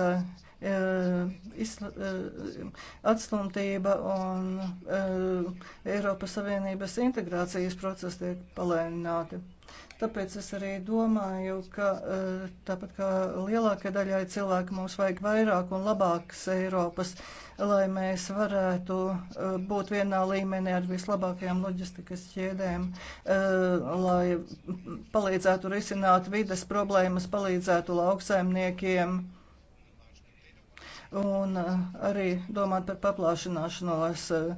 E, e, atstumtība un e, Eiropas Savienības integrācijas procesi tiek palēnināti. Tāpēc es arī domāju, ka tāpat kā lielākai daļai cilvēku mums vajag vairāk un labākas Eiropas, lai mēs varētu būt vienā līmenī ar vislabākajām loģistikas ķēdēm, lai palīdzētu risināt vides problēmas, palīdzētu lauksaimniekiem un eh, arī domāt par paplāšanāšanos. Eh,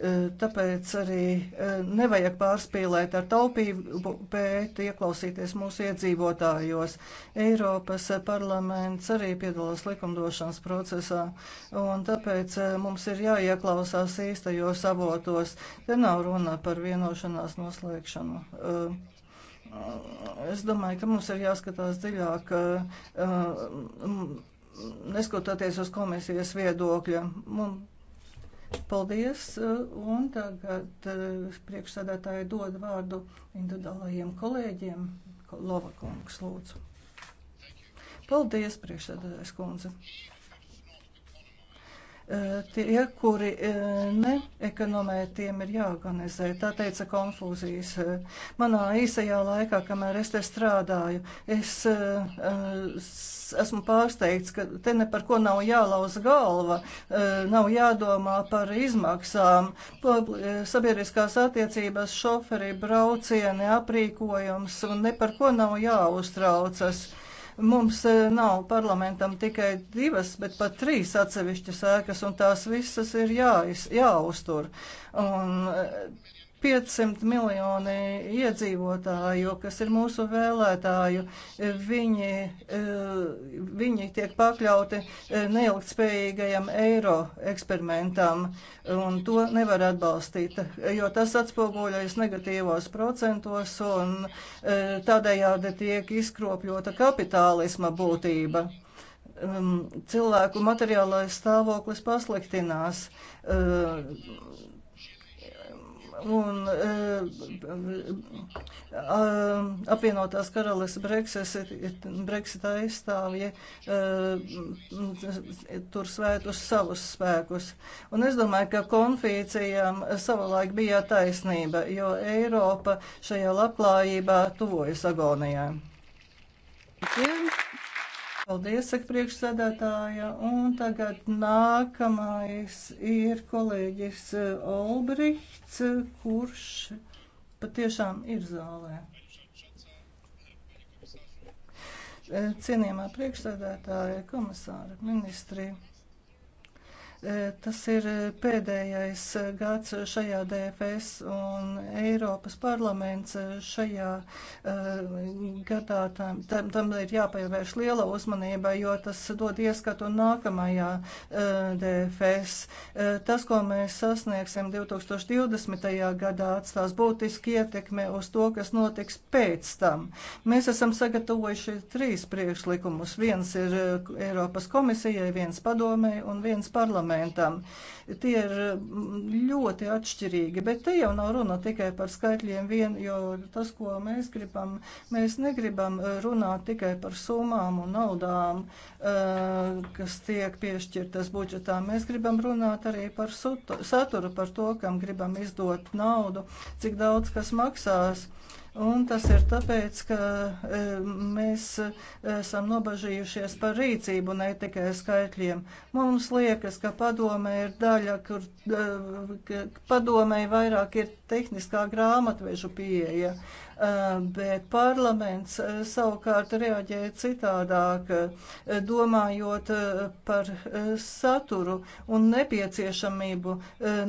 eh, tāpēc arī nevajag pārspīlēt ar taupību, bet ieklausīties mūsu iedzīvotājos. Eiropas parlaments arī piedalās likumdošanas procesā, un tāpēc mums ir jāieklausās īstajos avotos. Te nav runa par vienošanās noslēgšanu. Es domāju, ka mums ir jāskatās dziļāk neskatoties uz komisijas viedokļa. Un paldies, uh, un tagad uh, priekšsēdētāji dod vārdu individuālajiem kolēģiem. Lovakungs, lūdzu. Paldies, priekšsēdētājs kundze. Tie, kuri e, neekonomē, tiem ir jāorganizē. Tā teica Konfūzijas. E, manā īsajā laikā, kamēr es te strādāju, es e, esmu pārsteigts, ka te ne par ko nav jālauz galva, nav jādomā par izmaksām. Sabiedriskās attiecības, šoferi, braucieni, aprīkojums un ne par ko nav jāuztraucas. Mums e, nav parlamentam tikai divas, bet pat trīs atsevišķas ēkas, un tās visas ir jā, jāuztur. Un e, 500 miljoni iedzīvotāju, kas ir mūsu vēlētāju, viņi, eh, viņi tiek pakļauti eh, neilgtspējīgajam eiro eksperimentam, un to nevar atbalstīt, jo tas atspoguļojas negatīvos procentos, un eh, tādējādi tiek izkropļota kapitālisma būtība um, cilvēku materiālais stāvoklis pasliktinās. Uh, un eh, eh, apvienotās karalis Brexit aizstāvji eh, tur svēt uz savus spēkus. Un es domāju, ka konfīcijām savulaik bija taisnība, jo Eiropa šajā labklājībā tuvojas agonijai. Thank you. Paldies, saka priekšsēdētāja. Un tagad nākamais ir kolēģis eh, Olbrihts, kurš patiešām ir zālē. Eh, cienījamā priekšsēdētāja, komisāra, ministrija. E, tas ir pēdējais gads šajā DFS un Eiropas parlaments šajā e, gadā tam, tam, tam ir jāpievērš liela uzmanība, jo tas dod ieskatu nākamajā e, DFS. Tas, ko mēs sasniegsim 2020. gadā, atstās būtiski ietekme uz to, kas notiks pēc tam. Mēs esam sagatavojuši trīs priekšlikumus. Viens ir Eiropas komisijai, viens padomē un viens parlamentam parlamentam. Tie ir mm, ļoti atšķirīgi, bet te jau nav runa tikai par skaitļiem vien, jo tas, ko mēs gribam, mēs negribam eh, runāt tikai par summām un naudām, eh, kas tiek piešķirtas budžetā. Mēs gribam runāt arī par saturu, par to, kam gribam izdot naudu, cik daudz kas maksās. Un tas ir tāpēc, ka e, mēs esam nobažījušies par rīcību, ne tikai skaitļiem. Mums liekas, ka padomē ir daļa, kur e, padomē vairāk ir tehniskā grāmatvežu pieeja. Um, bet parlaments uh, savukārt reaģēja citādāk, uh, domājot uh, par saturu un nepieciešamību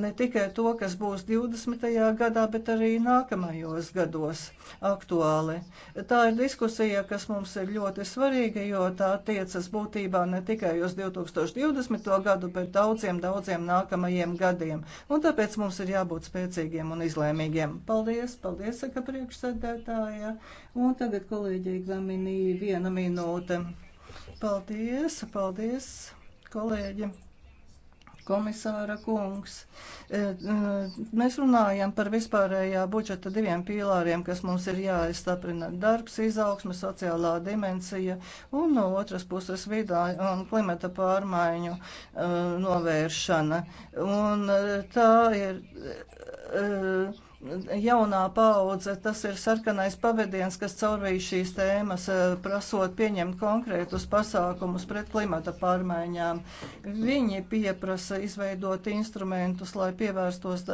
ne tikai to, kas būs 20. gadā, bet arī nākamajos gados aktuāli. Tā ir diskusija, kas mums ir ļoti svarīga, jo tā tiecas būtībā ne tikai uz 2020. gadu, bet daudziem, daudziem nākamajiem gadiem. Un tāpēc mums ir jābūt spēcīgiem un izlēmīgiem. Paldies, paldies, saka priekšsēdētājs priekšsēdētāja. Un tagad kolēģi Gvaminī viena minūte. Paldies, paldies, kolēģi komisāra kungs. E, e, mēs runājam par vispārējā budžeta diviem pīlāriem, kas mums ir jāizstaprina - darbs, izaugsme, sociālā dimensija un no otras puses vidā un klimata pārmaiņu e, novēršana. Un tā ir jaunā paudze, tas ir sarkanais pavadiens, kas caurvīja šīs tēmas, eh, prasot pieņemt konkrētus pasākumus pret klimata pārmaiņām. Viņi pieprasa izveidot instrumentus, lai pievērstos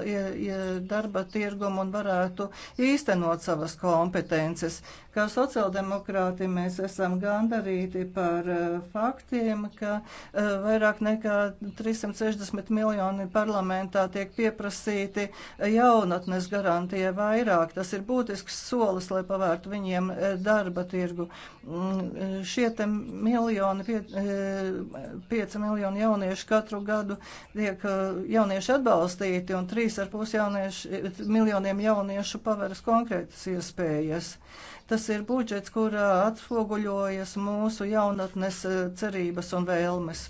darba tirgumu un varētu īstenot savas kompetences. Kā sociāldemokrāti mēs esam gandarīti par eh, faktiem, ka eh, vairāk nekā 360 miljoni parlamentā tiek pieprasīti jaunatnes gadījumi garantija vairāk. Tas ir būtisks solis, lai pavērtu viņiem eh, darba tirgu. Mm, šie te miljoni, pie, eh, pieci miljoni jauniešu katru gadu tiek eh, jaunieši atbalstīti, un trīs ar pus jaunieši, miljoniem jauniešu paveras konkrētas iespējas. Tas ir budžets, kurā atspoguļojas mūsu jaunatnes cerības un vēlmes.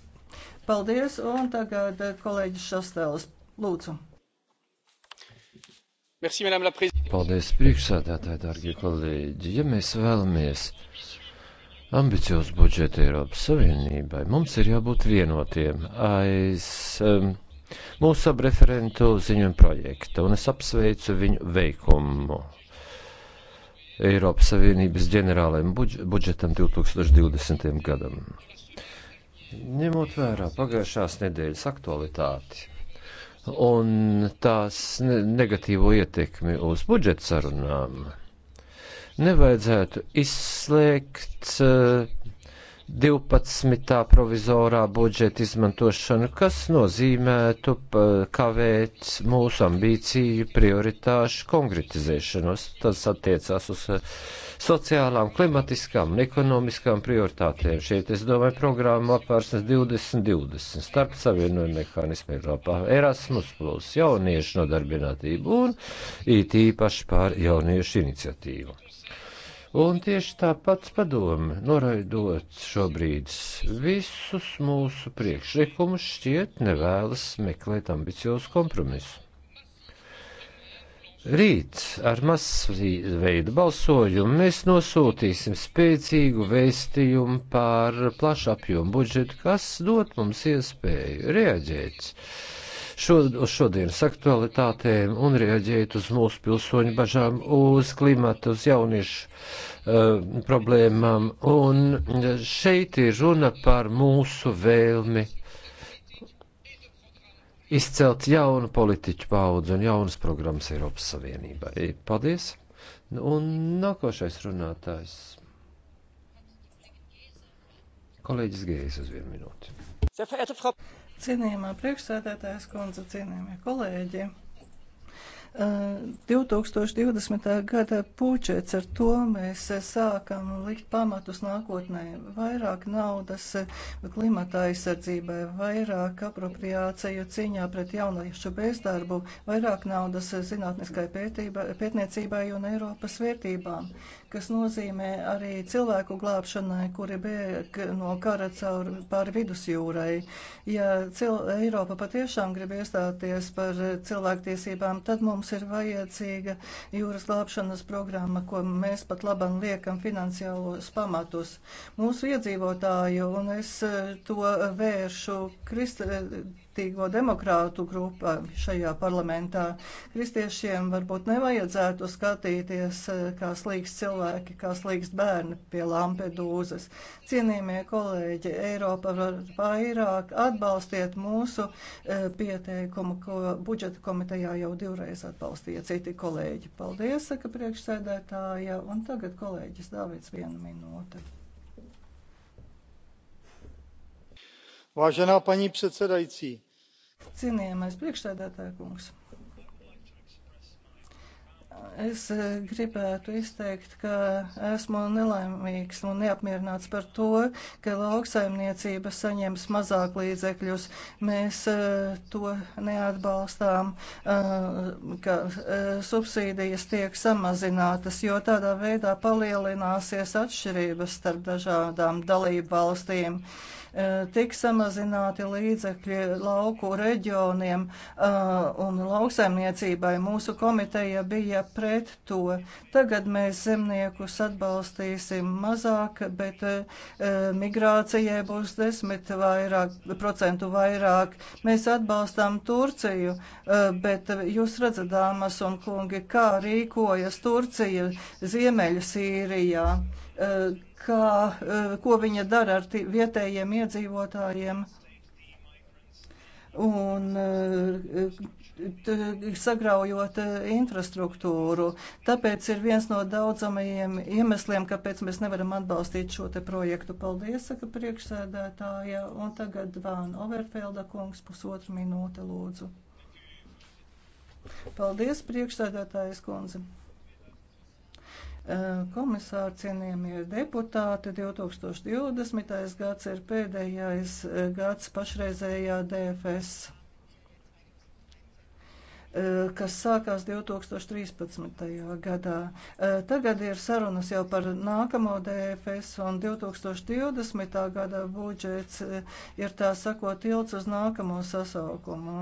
Paldies, un tagad kolēģis Šastēlis, lūdzu. Paldies, priekšsādātāji, dārgie kolēģi. Ja mēs vēlamies ambiciozu budžetu Eiropas Savienībai, mums ir jābūt vienotiem aiz um, mūsu abreferentu ziņojumu projekta, un es apsveicu viņu veikumu. Eiropas Savienības ģenerālajiem budžetam 2020. gadam. Ņemot vērā pagājušās nedēļas aktualitāti un tās negatīvo ietekmi uz budžeta sarunām. Nevajadzētu izslēgt 12. Eh, provizorā budžeta izmantošanu, kas nozīmētu kavēt mūsu ambīciju prioritāšu konkretizēšanos. Tas attiecās uz uh, sociālām, klimatiskām un ekonomiskām prioritātēm. Šeit es domāju programmu apvērsnes 2020, starp savienojumu mehānismu Eiropā, Erasmus, plus, jauniešu nodarbinātību un it īpaši pār jauniešu iniciatīvu. Un tieši tāpat padomi, noraidot šobrīd visus mūsu priekšlikumus, šķiet nevēlas meklēt ambiciozu kompromisu. Rīt ar masveidu balsojumu mēs nosūtīsim spēcīgu vēstījumu par plašu apjomu budžetu, kas dot mums iespēju reaģēt šo, uz šodienas aktualitātēm un reaģēt uz mūsu pilsoņu bažām, uz klimatu, uz jauniešu uh, problēmām. Un šeit ir runa par mūsu vēlmi izcelt jaunu politiķu paudzi un jaunas programmas Eiropas Savienībai. Paldies! Nu, un nākošais runātājs. Kolēģis Gējs uz vienu minūti. Cienījumā priekšsēdētājs kundze, cienījumie kolēģi. 2020. Uh, gada pučets, ar to mēs uh, sākam likt pamatus nākotnē. Vairāk naudas uh, klimata aizsardzībai, vairāk apropriāciju cīņā pret jauniešu bezdarbu, vairāk naudas zinātniskai pētība, pētniecībai un Eiropas vērtībām kas nozīmē arī cilvēku glābšanai, kuri bēg no kara caur pār vidusjūrai. Ja cil, Eiropa patiešām grib iestāties par cilvēktiesībām, tad mums ir vajadzīga jūras glābšanas programma, ko mēs pat labam liekam finansiālos pamatus. Mūsu iedzīvotāju, un es to vēršu krist, kristīgo demokrātu grupa šajā parlamentā. Kristiešiem varbūt nevajadzētu skatīties eh, kā slīgs cilvēki, kā slīgs bērni pie Lampedūzas. Cienījamie kolēģi, Eiropa var vairāk atbalstiet mūsu eh, pieteikumu, ko budžeta komitejā jau divreiz atbalstīja citi kolēģi. Paldies, saka priekšsēdētāja, un tagad kolēģis Dāvids vienu minūti. vážená paní předsedající Cienījamais priekšsēdētāja kungs. Es eh, gribētu izteikt, ka esmu nelaimīgs un neapmierināts par to, ka lauksaimniecība saņems mazāk līdzekļus. Mēs eh, to neatbalstām, eh, ka subsīdijas tiek samazinātas, jo tādā veidā palielināsies atšķirības starp dažādām dalību valstīm. E, tiks samazināti līdzekļi lauku reģioniem e, un lauksaimniecībai. Mūsu komiteja bija pret to. Tagad mēs zemniekus atbalstīsim mazāk, bet e, migrācijai būs desmit vairāk, procentu vairāk. Mēs atbalstām Turciju, bet jūs redzat, dāmas un kungi, kā rīkojas Turcija Ziemeļa Sīrijā kā, eh, ko viņa dara ar vietējiem iedzīvotājiem. Un eh, sagraujot eh, infrastruktūru. Tāpēc ir viens no daudzamajiem iemesliem, kāpēc mēs nevaram atbalstīt šo te projektu. Paldies, saka priekšsēdētāja. Un tagad Vāna Overfelda kungs pusotru minūte lūdzu. Paldies, priekšsēdētājas kundze. Eh, komisāri, cienījamie deputāti, 2020. gads ir pēdējais eh, gads pašreizējā DFS, eh, kas sākās 2013. gadā. Tagad ir sarunas jau par nākamo DFS, un 2020. gada budžets ir tā sakot tilts uz nākamo sasaukumu.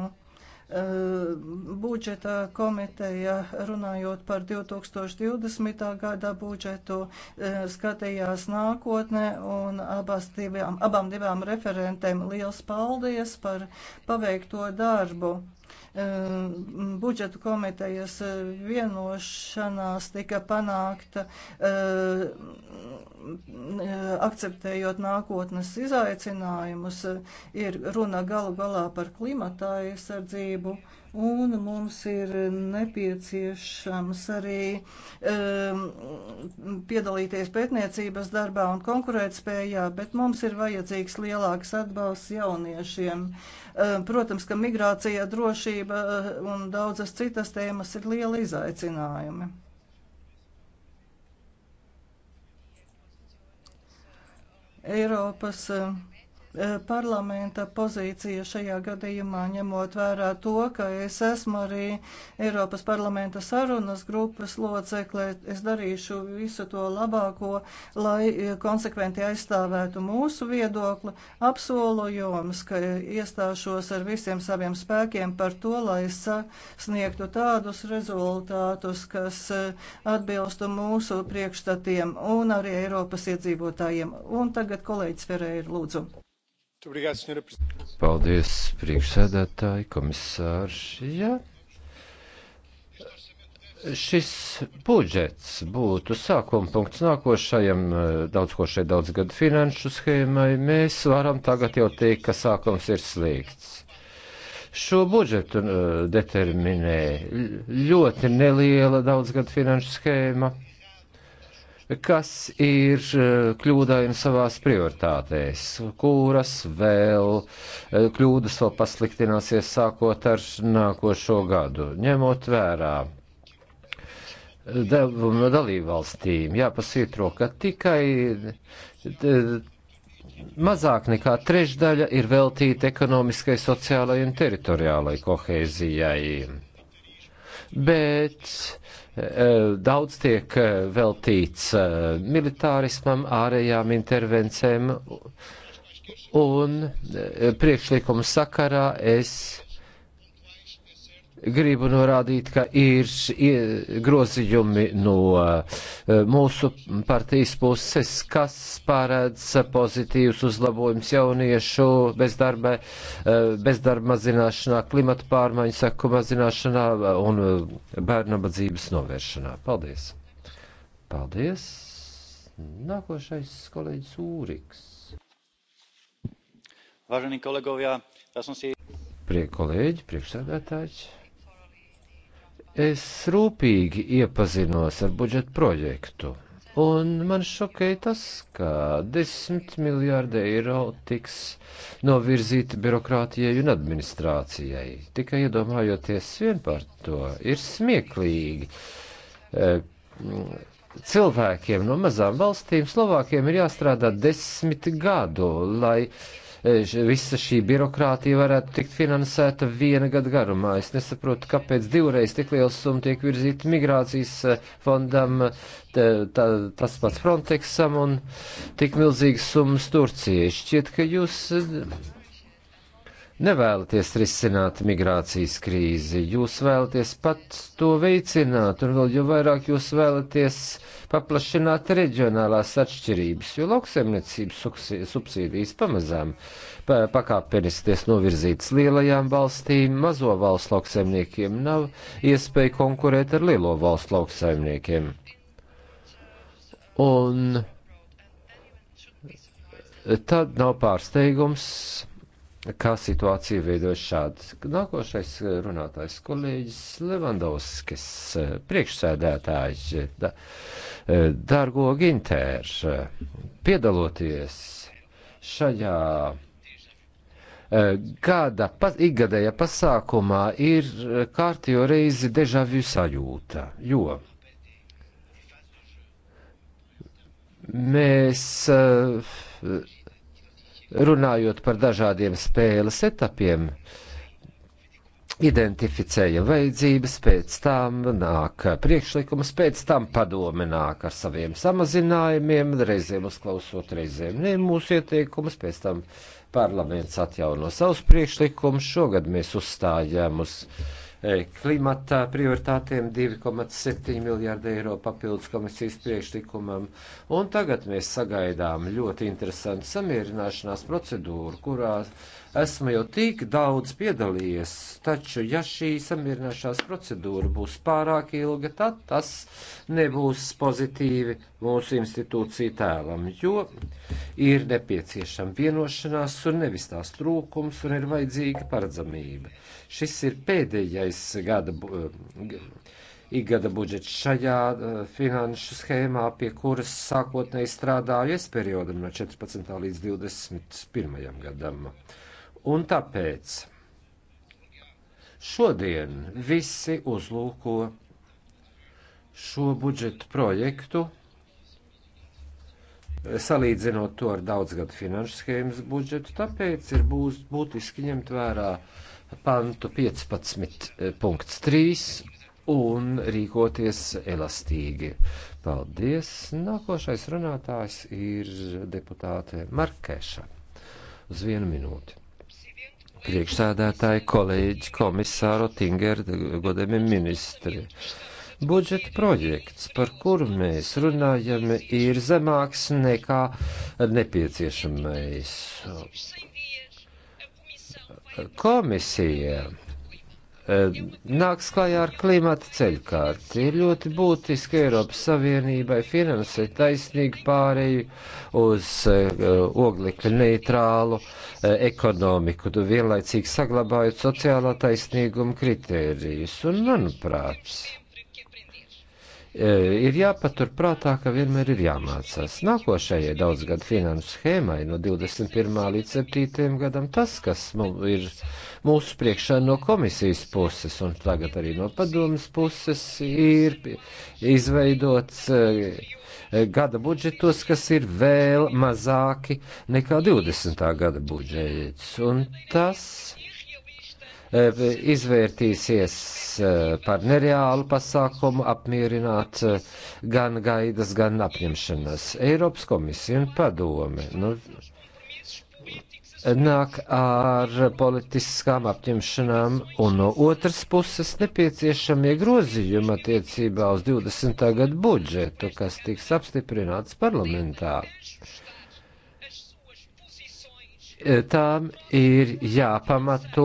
Eh, budžeta komiteja runājot par 2020. gada budžetu eh, skatījās nākotnē un abās divām, abām divām referentēm liels paldies par paveikto darbu. Ehm, budžetu komitejas eh, vienošanās tika panākta ehm, eh, akceptējot nākotnes izaicinājumus. Eh, ir runa galu galā par klimata aizsardzību un mums ir nepieciešams arī um, piedalīties pētniecības darbā un konkurētspējā, bet mums ir vajadzīgs lielāks atbalsts jauniešiem. Um, protams, ka migrācija, drošība eh, un daudzas citas tēmas ir liela izaicinājumi. Eiropas uh, Eh, parlamenta pozīcija šajā gadījumā, ņemot vērā to, ka es esmu arī Eiropas parlamenta sarunas grupas locekle. Es darīšu visu to labāko, lai eh, konsekventi aizstāvētu mūsu viedokli. Apsolu jums, ka iestāšos ar visiem saviem spēkiem par to, lai sasniegtu tādus rezultātus, kas eh, atbilstu mūsu priekšstatiem un arī Eiropas iedzīvotājiem. Un tagad kolēģis Ferēra lūdzu. Paldies, priekšsēdētāji, komisārs. Ja šis budžets būtu sākuma punkts nākošajam daudzkošai eh, daudzgadu finanšu schēmai, mēs varam tagad jau teikt, ka sākums ir slikts. Šo budžetu eh, determinē ļoti neliela daudzgadu finanšu schēma kas ir eh, kļūdaini savās prioritātēs, kuras vēl eh, kļūdas vēl pasliktināsies sākot ar nākošo gadu, ņemot vērā eh, devumu dalību valstīm. Jāpasītro, ka tikai mazāk nekā trešdaļa ir veltīta ekonomiskai, sociālai un teritoriālai kohēzijai bet eh, daudz tiek eh, veltīts eh, militārismam, ārējām intervencēm, un priekšlikuma sakarā es gribu norādīt, ka ir grozījumi no e, mūsu partijas puses, kas paredz pozitīvus uzlabojumus jauniešu bezdarba, e, bezdarba mazināšanā, klimata pārmaiņu saku mazināšanā un e, bērnabadzības novēršanā. Paldies! Paldies! Nākošais kolēģis Ūriks. Važeni kolegovjā, esmu sī. Priek kolēģi, priekšsēdētāji. Es rūpīgi iepazinos ar budžetu projektu, un man šokēja tas, ka 10 miljārdi eiro tiks novirzīti birokrātijai un administrācijai. Tikai iedomājoties vien par to, ir smieklīgi. Eh, cilvēkiem no mazām valstīm, Slovākiem, ir jāstrādā desmit gadu, lai uh, E, visa šī birokrātija varētu tikt finansēta viena gada garumā. Es nesaprotu, kāpēc divreiz tik liels summa tiek virzīta migrācijas e, fondam, tā, tā, tas pats Frontexam un tik milzīgas summas Turcijai. Šķiet, ka jūs e, nevēlaties risināt migrācijas krīzi, jūs vēlaties pat to veicināt, un vēl jau vairāk jūs vēlaties paplašināt reģionālās atšķirības, jo lauksaimniecības subsīdijas pamazām pakāpenisties novirzītas lielajām valstīm, mazo valstu lauksaimniekiem nav iespēja konkurēt ar lielo valstu lauksaimniekiem. Un tad nav pārsteigums, kā situācija veidojas šādi. Nākošais runātājs kolēģis Levandovskis, priekšsēdētājs, da, Dargo Gintērs, piedaloties šajā eh, gada, pas, ikgadējā pasākumā ir kārtējo reizi dežavu sajūta, jo mēs uh, runājot par dažādiem spēles etapiem, identificējam vajadzības, pēc tam nāk priekšlikums, pēc tam padome nāk ar saviem samazinājumiem, reizēm uzklausot, reizēm ne mūsu ieteikumus, pēc tam parlaments atjauno savus priekšlikumus. Šogad mēs uzstājām uz. Uh, klimata prioritātēm 2,7 miljārdi eiro papildus komisijas priekšlikumam. Un tagad mēs sagaidām ļoti interesantu samierināšanās procedūru, kurā Esmu jau tik daudz piedalījies, taču ja šī samierināšanās procedūra būs pārāk ilga, tad tas nebūs pozitīvi mūsu institūciju tēlam, jo ir nepieciešama vienošanās un nevis tās trūkums un ir vajadzīga paredzamība. Šis ir pēdējais gada eh, ikgada budžets šajā uh, finanšu schēmā, pie kuras sākotnēji strādāju es periodam no 14. līdz 21. gadam. Un tāpēc šodien visi uzlūko šo budžetu projektu, salīdzinot to ar daudzgadu finanšu schēmas budžetu, tāpēc ir būs, būtiski ņemt vērā pantu 15.3 un rīkoties elastīgi. Paldies! Nākošais runātājs ir deputāte Markēša. Uz vienu minūti priekšsēdētāji, kolēģi, komisāru Tingeru, godami ministri. Budžeta projekts, par kuru mēs runājam, ir zemāks nekā nepieciešamais. Komisija Eh, nāks klajā ar klimata ceļkārti. Ir ļoti būtiski Eiropas Savienībai finansēt taisnīgu pāreju uz eh, oglekļa neitrālu eh, ekonomiku, vienlaicīgi saglabājot sociālā taisnīguma kritērijus. Un, manuprāt, E, ir jāpaturprātā, ka vienmēr ir jāmācās. Nākošajai daudzgadu finanšu schēmai no 21. līdz 7. gadam tas, kas ir mūsu priekšā no komisijas puses un tagad arī no padomas puses, ir izveidots e, e, gada budžetos, kas ir vēl mazāki nekā 20. gada budžets. Un tas izvērtīsies e, par nereālu pasākumu apmierināt e, gan gaidas, gan apņemšanas. Eiropas komisija un padome nu, nāk ar politiskām apņemšanām, un no otras puses nepieciešamie grozījumi attiecībā uz 20. gadu budžetu, kas tiks apstiprināts parlamentā tām ir jāpamato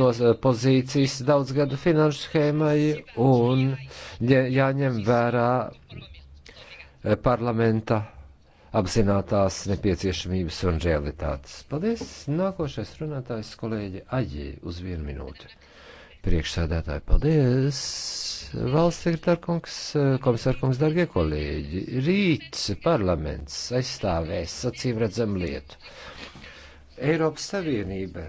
no pozīcijas daudzgadu finanšu schēmai un jāņem vērā parlamenta apzinātās nepieciešamības un realitātes. Paldies! Nākošais runātājs kolēģi Aģī uz vienu minūti. Priekšsēdētāji, paldies! Valsts sekretārkungs, komisārkungs, dargie kolēģi, rīts parlaments aizstāvēs acīm redzam lietu Eiropas Savienība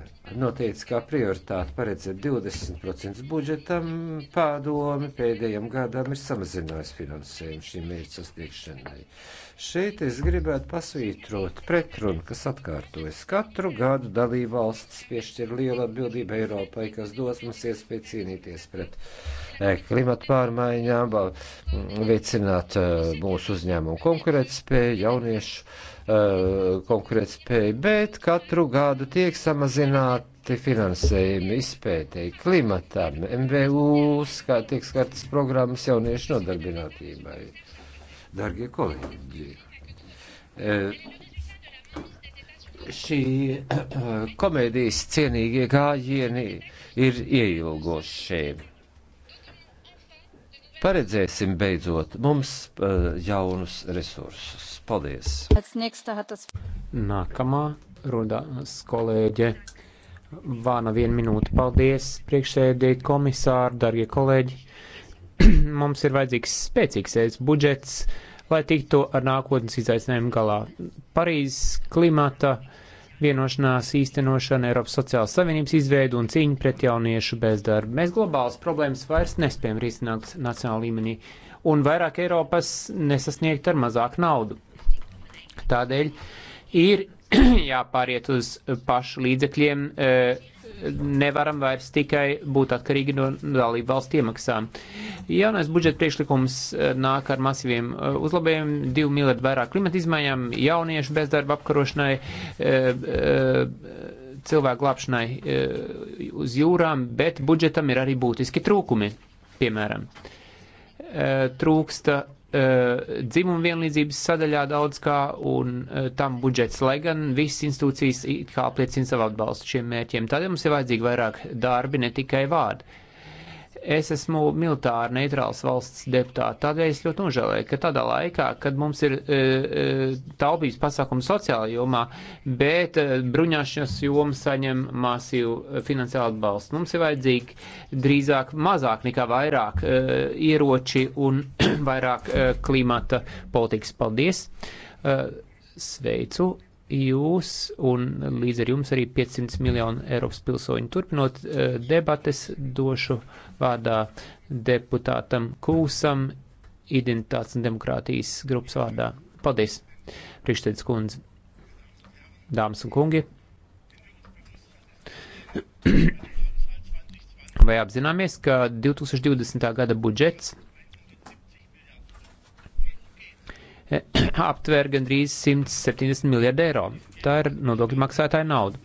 noteica kā prioritāti paredzēt 20% budžetam, pārdomi pēdējiem gadām ir samazinājusi finansējumu šīm mērķu sasniegšanai. Uh, Šeit es gribētu pasvītrot pretrunu, kas atkārtojas. Katru gadu dalībvalstis piešķir lielu atbildību Eiropai, kas dos mums iespēju cīnīties pret eh, klimatu pārmaiņām, veicināt eh, mūsu uzņēmumu konkurētspēju, jauniešu eh, konkurētspēju, bet katru gadu tiek samazināt te finansējumi izpētēji klimatam, MVU, kā tiek skartas programmas jauniešu nodarbinātībai. Dargie kolēģi, e, šī e, komēdijas cienīgie gājieni ir ieilgošie. Paredzēsim beidzot mums e, jaunus resursus. Paldies! Nākamā rodās kolēģe Vāna vienu minūti. Paldies, priekšsēdēji komisāri, darbie kolēģi! mums ir vajadzīgs spēcīgs budžets, lai tiktu ar nākotnes izaicinājumiem galā. Parīzes klimata vienošanās īstenošana, Eiropas sociālās savienības izveidu un cīņa pret jauniešu bezdarbu. Mēs globālas problēmas vairs nespējam risināt nacionālā līmenī, un vairāk Eiropas nesasniegt ar mazāk naudu. Tādēļ ir jāpāriet uz pašu līdzekļiem. E, nevaram vairs tikai būt atkarīgi no dalību valsts iemaksām. Jaunais budžeta priekšlikums eh, nāk ar masīviem eh, uzlabojumiem, 2 miljardi vairāk klimata izmaiņām, jauniešu bezdarba apkarošanai, eh, cilvēku glābšanai uz jūrām, bet budžetam ir arī būtiski trūkumi, piemēram. Trūksta Eh, dzimumu vienlīdzības sadaļā daudz kā un eh, tam budžets, lai gan visas institūcijas it kā apliecina savu atbalstu šiem mērķiem. Tādēļ mums ir vajadzīgi vairāk darbi, ne tikai vārdi. Es esmu militāri neitrāls valsts deputāts, tādēļ es ļoti nožēlēju, ka tādā laikā, kad mums ir e, e taupības pasākumi sociālajā jomā, bet e, bruņošanas joma saņem masīvu e, finansiālu atbalstu. Mums ir vajadzīgi drīzāk mazāk nekā vairāk e, ieroči un vairāk e, klimata politikas. Paldies! E, sveicu jūs un līdz ar jums arī 500 miljonu Eiropas pilsoņu. Turpinot eh, debates, došu vārdā deputātam Kūsam, identitātes un demokrātijas grupas vārdā. Paldies, priekšsēdus kundze, dāmas un kungi. Vai apzināmies, ka 2020. gada budžets Eh, aptver gandrīz 170 miljardu eiro. Tā ir nodokļu maksātāja nauda.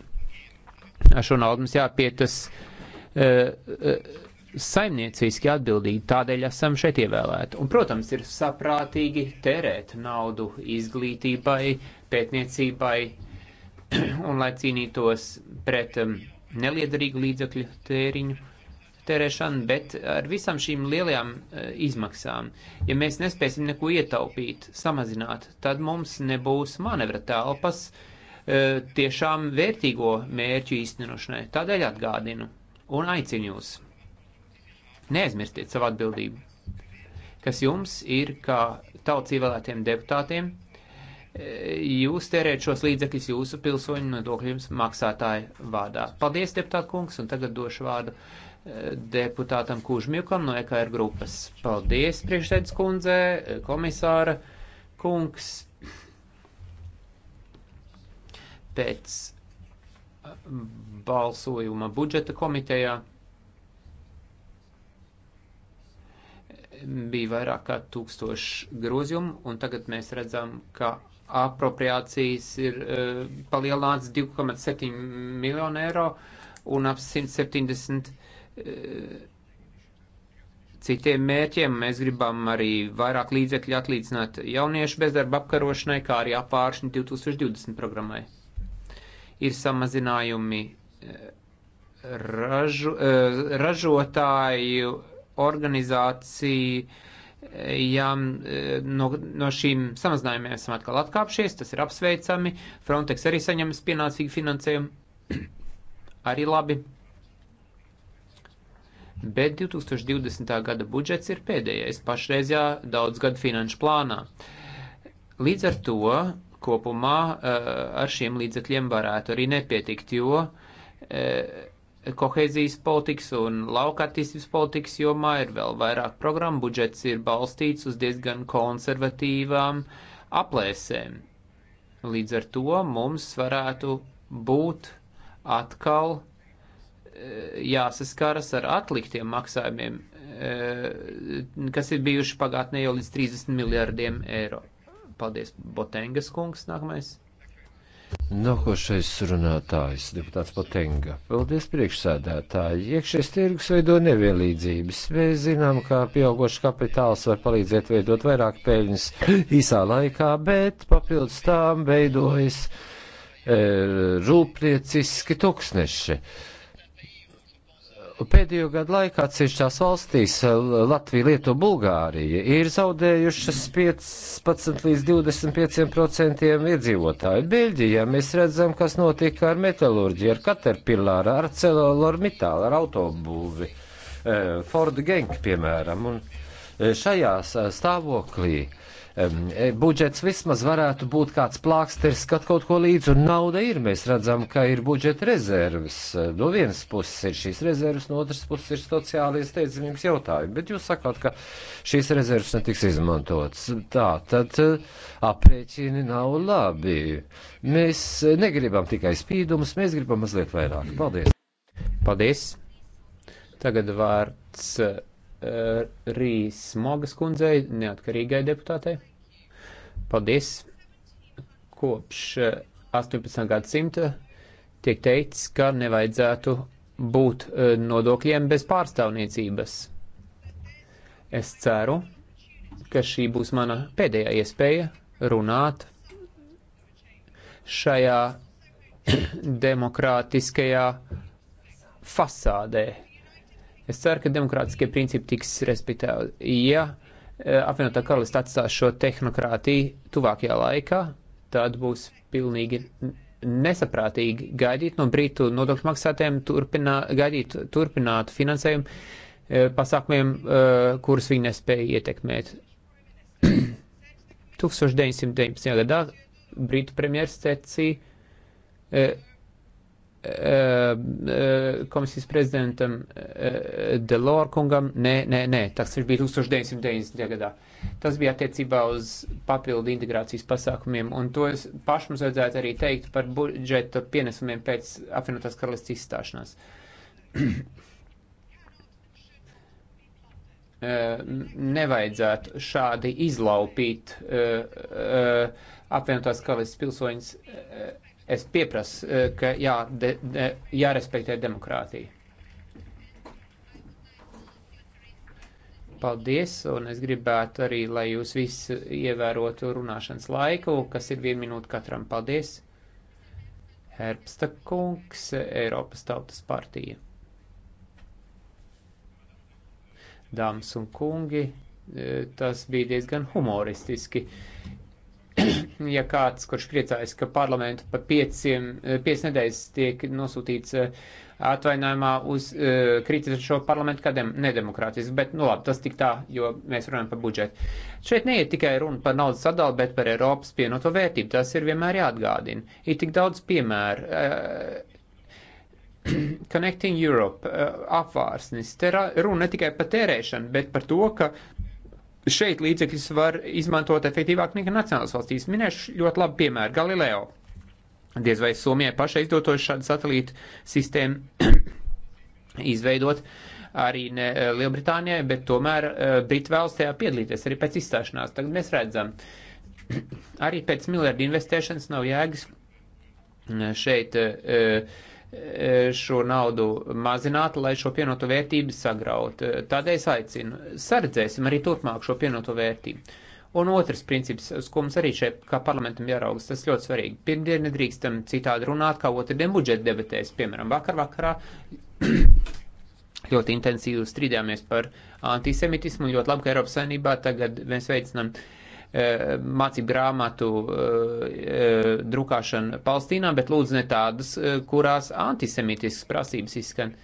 Ar šo naudu mums jāpietas uh, uh, saimnieciski atbildīgi, tādēļ esam šeit ievēlēti. Un, protams, ir saprātīgi tērēt naudu izglītībai, pētniecībai un lai cīnītos pret um, neliederīgu līdzekļu tēriņu. Uh, iztērēšanu, bet ar visām šīm lielajām e, izmaksām. Ja mēs nespēsim neko ietaupīt, samazināt, tad mums nebūs manevra telpas e, tiešām vērtīgo mērķu īstenošanai. Tādēļ atgādinu un aicinu jūs. Neaizmirstiet savu atbildību, kas jums ir kā tauts ievēlētiem deputātiem e, jūs tērēt šos līdzekļus jūsu pilsoņu nodokļu maksātāju vārdā. Paldies, deputāt kungs, un tagad došu vārdu deputātam Kūžmjukam no EKR grupas. Paldies, priekšsēdus kundze, komisāra kungs. Pēc balsojuma budžeta komitejā bija vairāk kā tūkstoši grozījumu, un tagad mēs redzam, ka apropriācijas ir uh, palielināts 2,7 miljonu eiro un ap 170 citiem mērķiem. Mēs gribam arī vairāk līdzekļu atlīdzināt jauniešu bezdarba apkarošanai, kā arī apāršņu 2020 programmai. Ir samazinājumi eh, ražu, eh, ražotāju organizāciju. Eh, ja no, no šīm samazinājumiem esam atkal atkāpšies, tas ir apsveicami. Frontex arī saņems pienācīgu finansējumu. arī labi bet 2020. gada budžets ir pēdējais pašreizjā daudzgada finanšu plānā. Līdz ar to kopumā eh, ar šiem līdzekļiem varētu arī nepietikt, jo eh, kohēzijas politikas un lauka attīstības politikas jomā ir vēl vairāk programmu. Budžets ir balstīts uz diezgan konservatīvām aplēsēm. Līdz ar to mums varētu būt atkal jāsaskaras ar atliktiem maksājumiem, eh, kas ir bijuši pagātnē jau līdz 30 miljardiem eiro. Paldies, Botengas kungs, nākamais. Nākošais runātājs, deputāts Potenga. Paldies priekšsēdētāji. Iekšējais tirgus veido nevienlīdzības. Mēs zinām, ka pieaugošs kapitāls var palīdzēt veidot vairāk peļņas īsā laikā, bet papildus tām veidojas e, rūpnieciski tūkstneši. E, Pēdējo gadu laikā atsevišķās valstīs eh, Latvija, Lietuva, Bulgārija ir zaudējušas 15 līdz 25% iedzīvotāju. Beļģijā mēs redzam, kas notika ar metalurģiju, ar katerpillāru, ar celoru metālu, ar autobūvi, eh, Ford Genk, piemēram. Un eh, šajā stāvoklī E, budžets vismaz varētu būt kāds plāksters, kad kaut ko līdz un nauda ir. Mēs redzam, ka ir budžeta rezerves. E, no vienas puses ir šīs rezerves, no otras puses ir sociālajie steidzamības jautājumi. Bet jūs sakāt, ka šīs rezerves netiks izmantotas. Tā, tad e, aprēķini nav labi. Mēs negribam tikai spīdumus, mēs gribam mazliet vairāk. Paldies! Paldies! Tagad vārds uh, Rīs Mogas kundzei, neatkarīgai deputātei. Paldies! Kopš 18. Eh, gadsimta tiek teikts, ka nevajadzētu būt eh, nodokļiem bez pārstāvniecības. Es ceru, ka šī būs mana pēdējā iespēja runāt šajā demokrātiskajā fasādē. Es ceru, ka demokrātiskie principi tiks respektēti. Ja Eh, apvienotā karalista atstās šo tehnokrātiju tuvākajā laikā, tad būs pilnīgi nesaprātīgi gaidīt no brītu nodokļu maksātēm, turpinā, gaidīt turpinātu finansējumu eh, pasākumiem, eh, kurus viņi nespēja ietekmēt. 1919. gadā Britu premjerministrs teica, Eh, eh, komisijas prezidentam eh, Delor kungam, nē, nē, nē, tas ir bija 1990. gadā. Tas bija attiecībā uz papildu integrācijas pasākumiem, un to es pašu mums vajadzētu arī teikt par budžeta pienesumiem pēc apvienotās karalists izstāšanās. Nevajadzētu šādi izlaupīt apvienotās karalists pilsoņus Es pieprasu, eh, ka jā, de, de, jārespektē demokrātija. Paldies, un es gribētu arī, lai jūs visi ievērotu runāšanas laiku, kas ir viena minūte katram. Paldies! Herbsta kungs, Eiropas tautas partija. Dāmas un kungi, eh, tas bija diezgan humoristiski ja kāds, kurš priecājas, ka parlamentu pa pieciem, eh, piec nedēļas tiek nosūtīts eh, atvainājumā uz uh, eh, kritizošo parlamentu kā nedemokrātisku, bet, nu labi, tas tik tā, jo mēs runājam par budžetu. Šeit neiet tikai runa par naudas sadalu, bet par Eiropas pienoto vērtību. Tas ir vienmēr jāatgādina. Ir tik daudz piemēru. Uh, Connecting Europe, uh, apvārsnis. Te runa ne tikai par tērēšanu, bet par to, ka šeit līdzekļus var izmantot efektīvāk nekā nacionālās valstīs. Minēšu ļoti labu piemēru - Galileo. Diez vai Somijai pašai izdotos šādu satelītu sistēmu izveidot arī ne eh, Lielbritānijai, bet tomēr eh, Briti vēlas tajā piedalīties arī pēc izstāšanās. Tagad mēs redzam, arī pēc miljardu investēšanas nav jēgas mm, šeit uh, šo naudu mazināt, lai šo pienoto vērtību sagraut. Tādēļ es aicinu, sardzēsim arī turpmāk šo pienoto vērtību. Un otrs princips, uz ko mums arī šeit kā parlamentam jāraugas, tas ļoti svarīgi. Pirmdien nedrīkstam citādi runāt, kā otrdien budžeta debatēs, piemēram, vakar vakarā. ļoti intensīvi strīdāmies par antisemitismu, un ļoti labi, ka Eiropas saimnībā tagad mēs veicinam uh, E, mācību grāmatu e, e, drukāšanu Palestīnā, bet lūdzu ne tādas, kurās antisemitisks prasības izskan.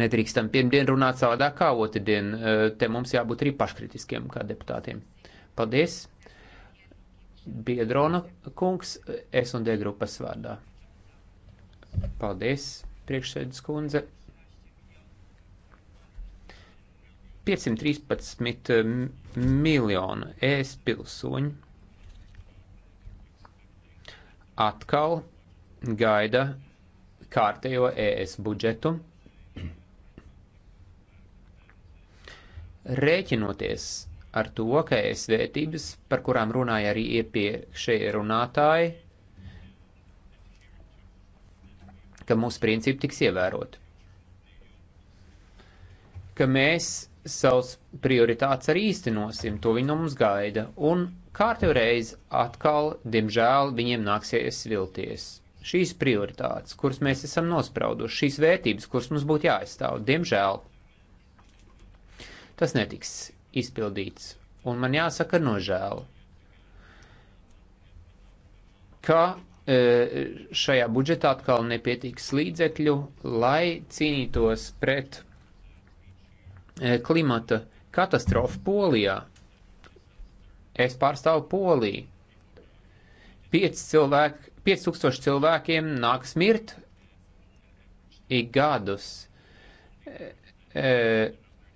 Nedrīkstam pirmdien runāt savādāk kā otrdien. Te mums jābūt arī paškritiskiem kā deputātiem. Paldies! Biedrona kungs, S&D grupas vārdā. Paldies, priekšsēdus kundze. 513 miljonu ES pilsoņu atkal gaida kārtējo ES budžetu, rēķinoties ar to, ka ES vērtības, par kurām runāja arī iepriekšēji runātāji, ka mūsu principi tiks ievēroti. Ka mēs savus prioritātes arī īstenosim, to viņi no mums gaida. Un kārtējo reizi atkal, diemžēl, viņiem nāksies vilties. Šīs prioritātes, kuras mēs esam nosprauduši, šīs vērtības, kuras mums būtu jāaizstāv, diemžēl, tas netiks izpildīts. Un man jāsaka nožēla, ka e, šajā budžetā atkal nepietiks līdzekļu, lai cīnītos pret E, klimata katastrofa Polijā. Es pārstāvu Poliju. 5 cilvēki, 5000 cilvēkiem nāks mirt ik gadus. E,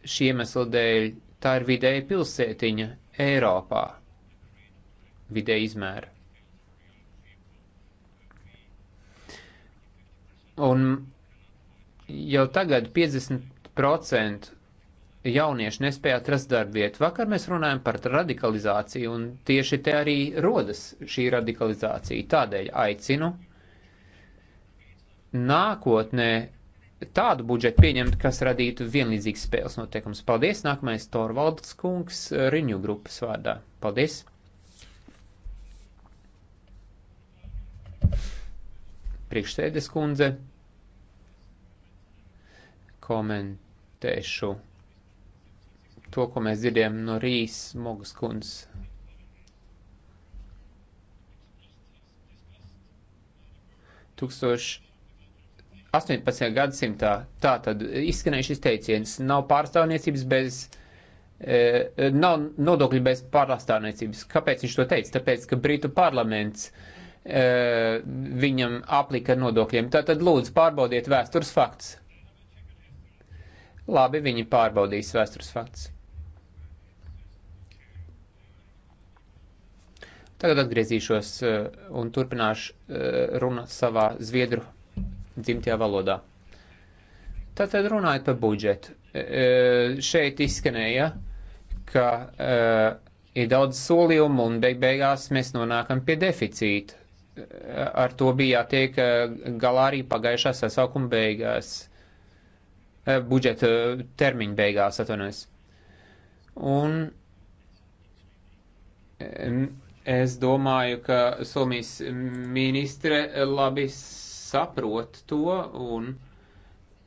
šī iemesla dēļ tā ir vidēja pilsētiņa Eiropā. Vidēja izmēra. Un jau tagad 50% jaunieši nespēja atrast darbvietu. Vakar mēs runājam par radikalizāciju, un tieši te arī rodas šī radikalizācija. Tādēļ aicinu nākotnē tādu budžetu pieņemt, kas radītu vienlīdzīgas spēles noteikums. Paldies, nākamais Torvalds kungs Riņu grupas vārdā. Paldies! Priekšsēdes kundze komentēšu to, ko mēs dzirdējam no Rīs Mogas kundas. Tūkstoši 18. gadsimtā tā tad izskanēja šis teiciens - nav pārstāvniecības bez, e, nav nodokļu bez pārstāvniecības. Kāpēc viņš to teica? Tāpēc, ka Britu parlaments e, viņam aplika nodokļiem. Tā tad lūdzu pārbaudiet vēstures fakts. Labi, viņi pārbaudīs vēstures fakts. Tagad atgriezīšos eh, un turpināšu eh, runu savā zviedru dzimtajā valodā. Tātad runājot par budžetu. Eh, šeit izskanēja, ka ir daudz solījumu un beig beigās mēs nonākam pie deficīta. Ar to bija jātiek galā arī pagājušā sasaukuma beigās, budžeta termiņa beigās, atvainojos. Un Es domāju, ka Somijas ministre labi saprot to, un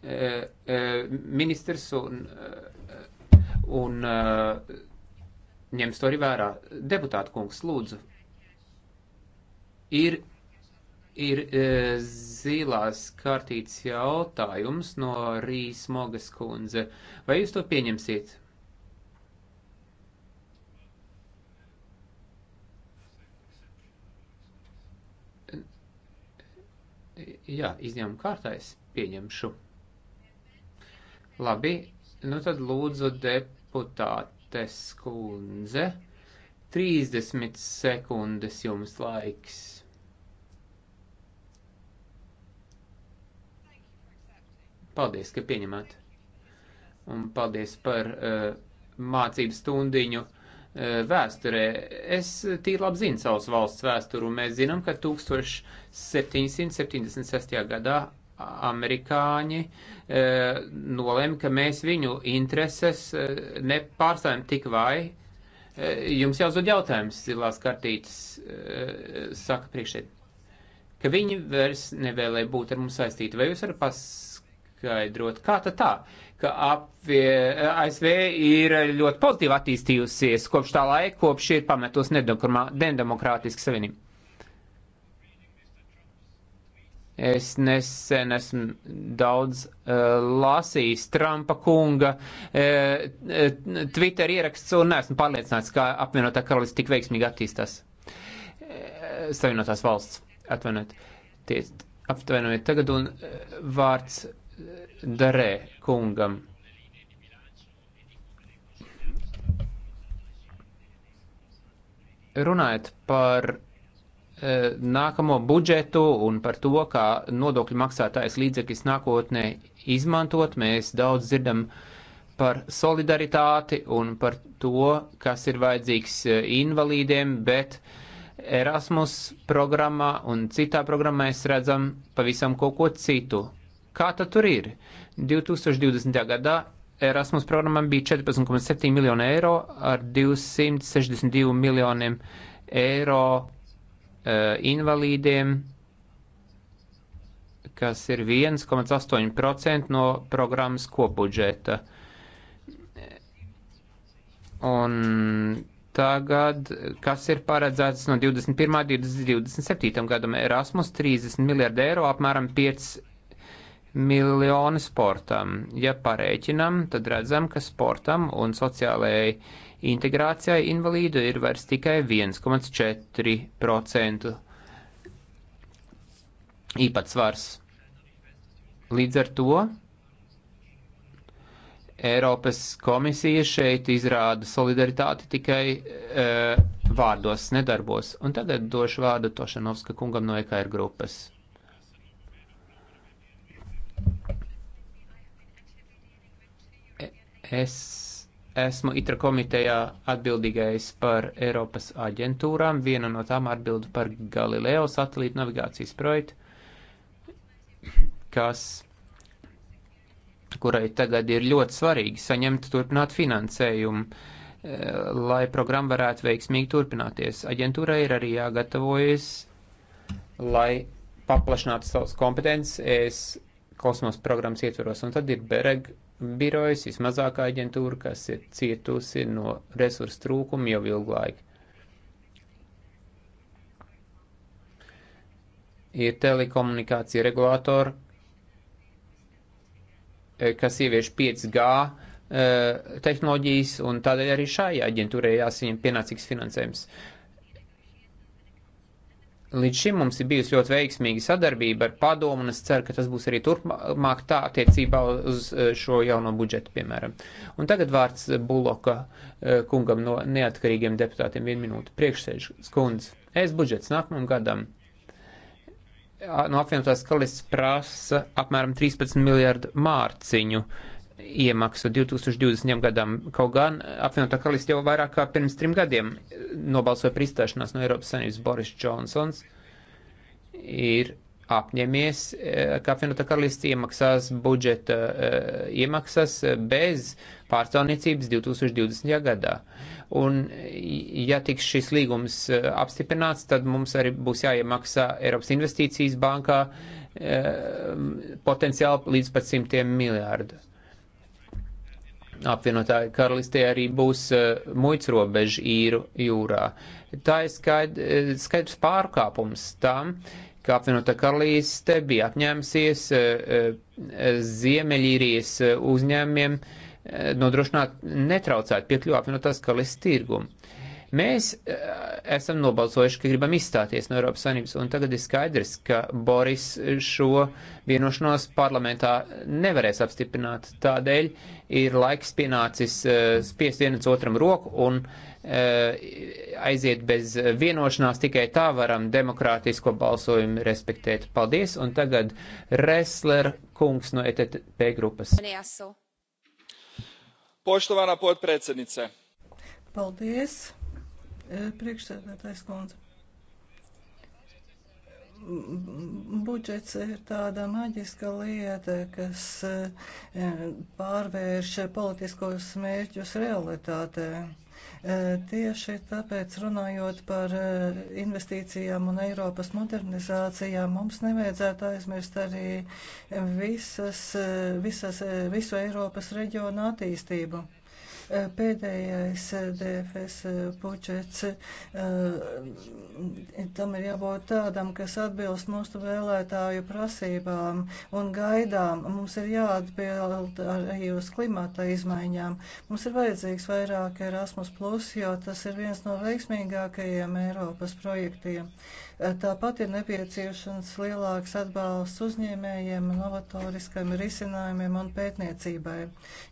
e, e, ministrs un, e, un e, ņems to arī vērā. Deputāta kungs, lūdzu. Ir, ir e, zilās kārtīts jautājums no Rīs Mogas kundze. Vai jūs to pieņemsiet? Jā, izņēmuma kārtā es pieņemšu. Labi, nu tad lūdzu deputātes kundze, 30 sekundes jums laiks. Paldies, ka pieņemat. Un paldies par uh, eh, mācību stundiņu. E, vēsturē. Es tīri labi zinu savas valsts vēsturu, un mēs zinām, ka 1776. gadā amerikāņi e, nolēma, ka mēs viņu intereses e, nepārstāvjam tik vai. E, jums jāuzdod jautājums, zilās kartītes e, saka priekšēd, ka viņi vairs nevēlēja būt ar mums saistīti. Vai jūs varat pas paskaidrot, kā tad tā, ka apvie, ASV ir ļoti pozitīvi attīstījusies kopš tā laika, kopš ir pametos nedemokrātiski savienību. Es nesen esmu daudz uh, lasījis Trumpa kunga uh, Twitter ierakstus un neesmu pārliecināts, kā apvienotā karalists tik veiksmīgi attīstās. Uh, Savienotās valsts, atvainojiet, aptvainojiet tagad un uh, vārds Darē kungam. Runājot par e, nākamo budžetu un par to, kā nodokļu maksātājs līdzekļus nākotnē izmantot. Mēs daudz dzirdam par solidaritāti un par to, kas ir vajadzīgs e, invalīdiem, bet Erasmus programmā un citā programmā mēs redzam pavisam kaut ko citu. Kā tad tur ir? 2020. gadā Erasmus programmam bija 14,7 miljonu eiro ar 262 miljoniem eiro uh, invalīdiem, kas ir 1,8% no programmas kopbudžeta. Un tagad, kas ir paredzēts no 21. līdz 27. gadam Erasmus, 30 miljardi eiro, apmēram 5 miljoni sportam. Ja parēķinam, tad redzam, ka sportam un sociālajai integrācijai invalīdu ir vairs tikai 1,4% īpatsvars. Līdz ar to Eiropas komisija šeit izrāda solidaritāti tikai e, vārdos, nedarbos. Un tagad došu vārdu Tošanovska kungam no EKR grupas. Es esmu ITRA komitejā atbildīgais par Eiropas aģentūrām. Viena no tām atbild par Galileo satelītu navigācijas projektu, kas, kurai tagad ir ļoti svarīgi saņemt turpināt finansējumu, eh, lai programma varētu veiksmīgi turpināties. Aģentūrai ir arī jāgatavojas, lai paplašinātu savas kompetences. Es kosmosa programmas ietveros, un tad ir Bereg birojas, vismazākā aģentūra, kas ir cietusi no resursu trūkuma jau ilgu laiku. Ir telekomunikācija regulātori, eh, kas ievieš 5G eh, tehnoloģijas, un tādēļ arī šai aģentūrai jāsaņem pienācīgs finansējums. Uh, Līdz šim mums ir bijusi ļoti veiksmīga sadarbība ar padomu, un es ceru, ka tas būs arī turpmāk tā attiecībā uz eh, šo jauno budžetu, piemēram. Un tagad vārds eh, Buloka eh, kungam no neatkarīgiem deputātiem vienu minūtu. Priekšsēžu skundz. Es budžets nākamajam gadam no apvienotās kalists prasa apmēram 13 miljardu mārciņu. Uh, iemaksu 2020. gadam. Kaut gan apvienotā karalista jau vairāk kā pirms trim gadiem nobalsoja par izstāšanās no Eiropas Savienības Boris Džonsons ir apņemies, eh, ka apvienotā karalista iemaksās budžeta eh, iemaksas bez pārstāvniecības 2020. gadā. Un, ja tiks šis līgums eh, apstiprināts, tad mums arī būs jāiemaksā Eiropas investīcijas bankā potenciāli līdz pat simtiem miljārdu apvienotāji karalistē arī būs uh, eh, muitas robeža īru jūrā. Tā ir skaid, eh, skaidrs pārkāpums tam, ka apvienotā karalīste bija apņēmusies uh, uh, Ziemeļīrijas uzņēmumiem nodrošināt netraucēt piekļuvu apvienotās karalistes tirgumu. Mēs eh, esam nobalsojuši, ka gribam izstāties no Eiropas Savienības, un tagad ir skaidrs, ka Boris šo vienošanos parlamentā nevarēs apstiprināt. Tādēļ ir laiks pienācis eh, spiest vienam otram roku un eh, aiziet bez vienošanās, tikai tā varam demokrātisko balsojumu respektēt. Paldies, un tagad Resler kungs no ETP grupas. Poštovana potpredsjednice. Paldies. Eh, priekšsēdētājs kundze budžets ir tāda maģiska lieta, kas eh, pārvērš politiskos mērķus realitātē. Eh, tieši tāpēc, runājot par investīcijām un Eiropas modernizācijām, mums nevajadzētu aizmirst arī visas, visas, visu Eiropas reģionu attīstību Eh, pēdējais eh, DFS eh, budžets tam ir jābūt tādam, kas atbilst mūsu vēlētāju prasībām un gaidām. Mums ir jāatbild arī uz klimata izmaiņām. Mums ir vajadzīgs vairāk Erasmus, jo tas ir viens no veiksmīgākajiem Eiropas projektiem. Tāpat ir nepieciešams lielāks atbalsts uzņēmējiem, novatoriskiem risinājumiem un pētniecībai.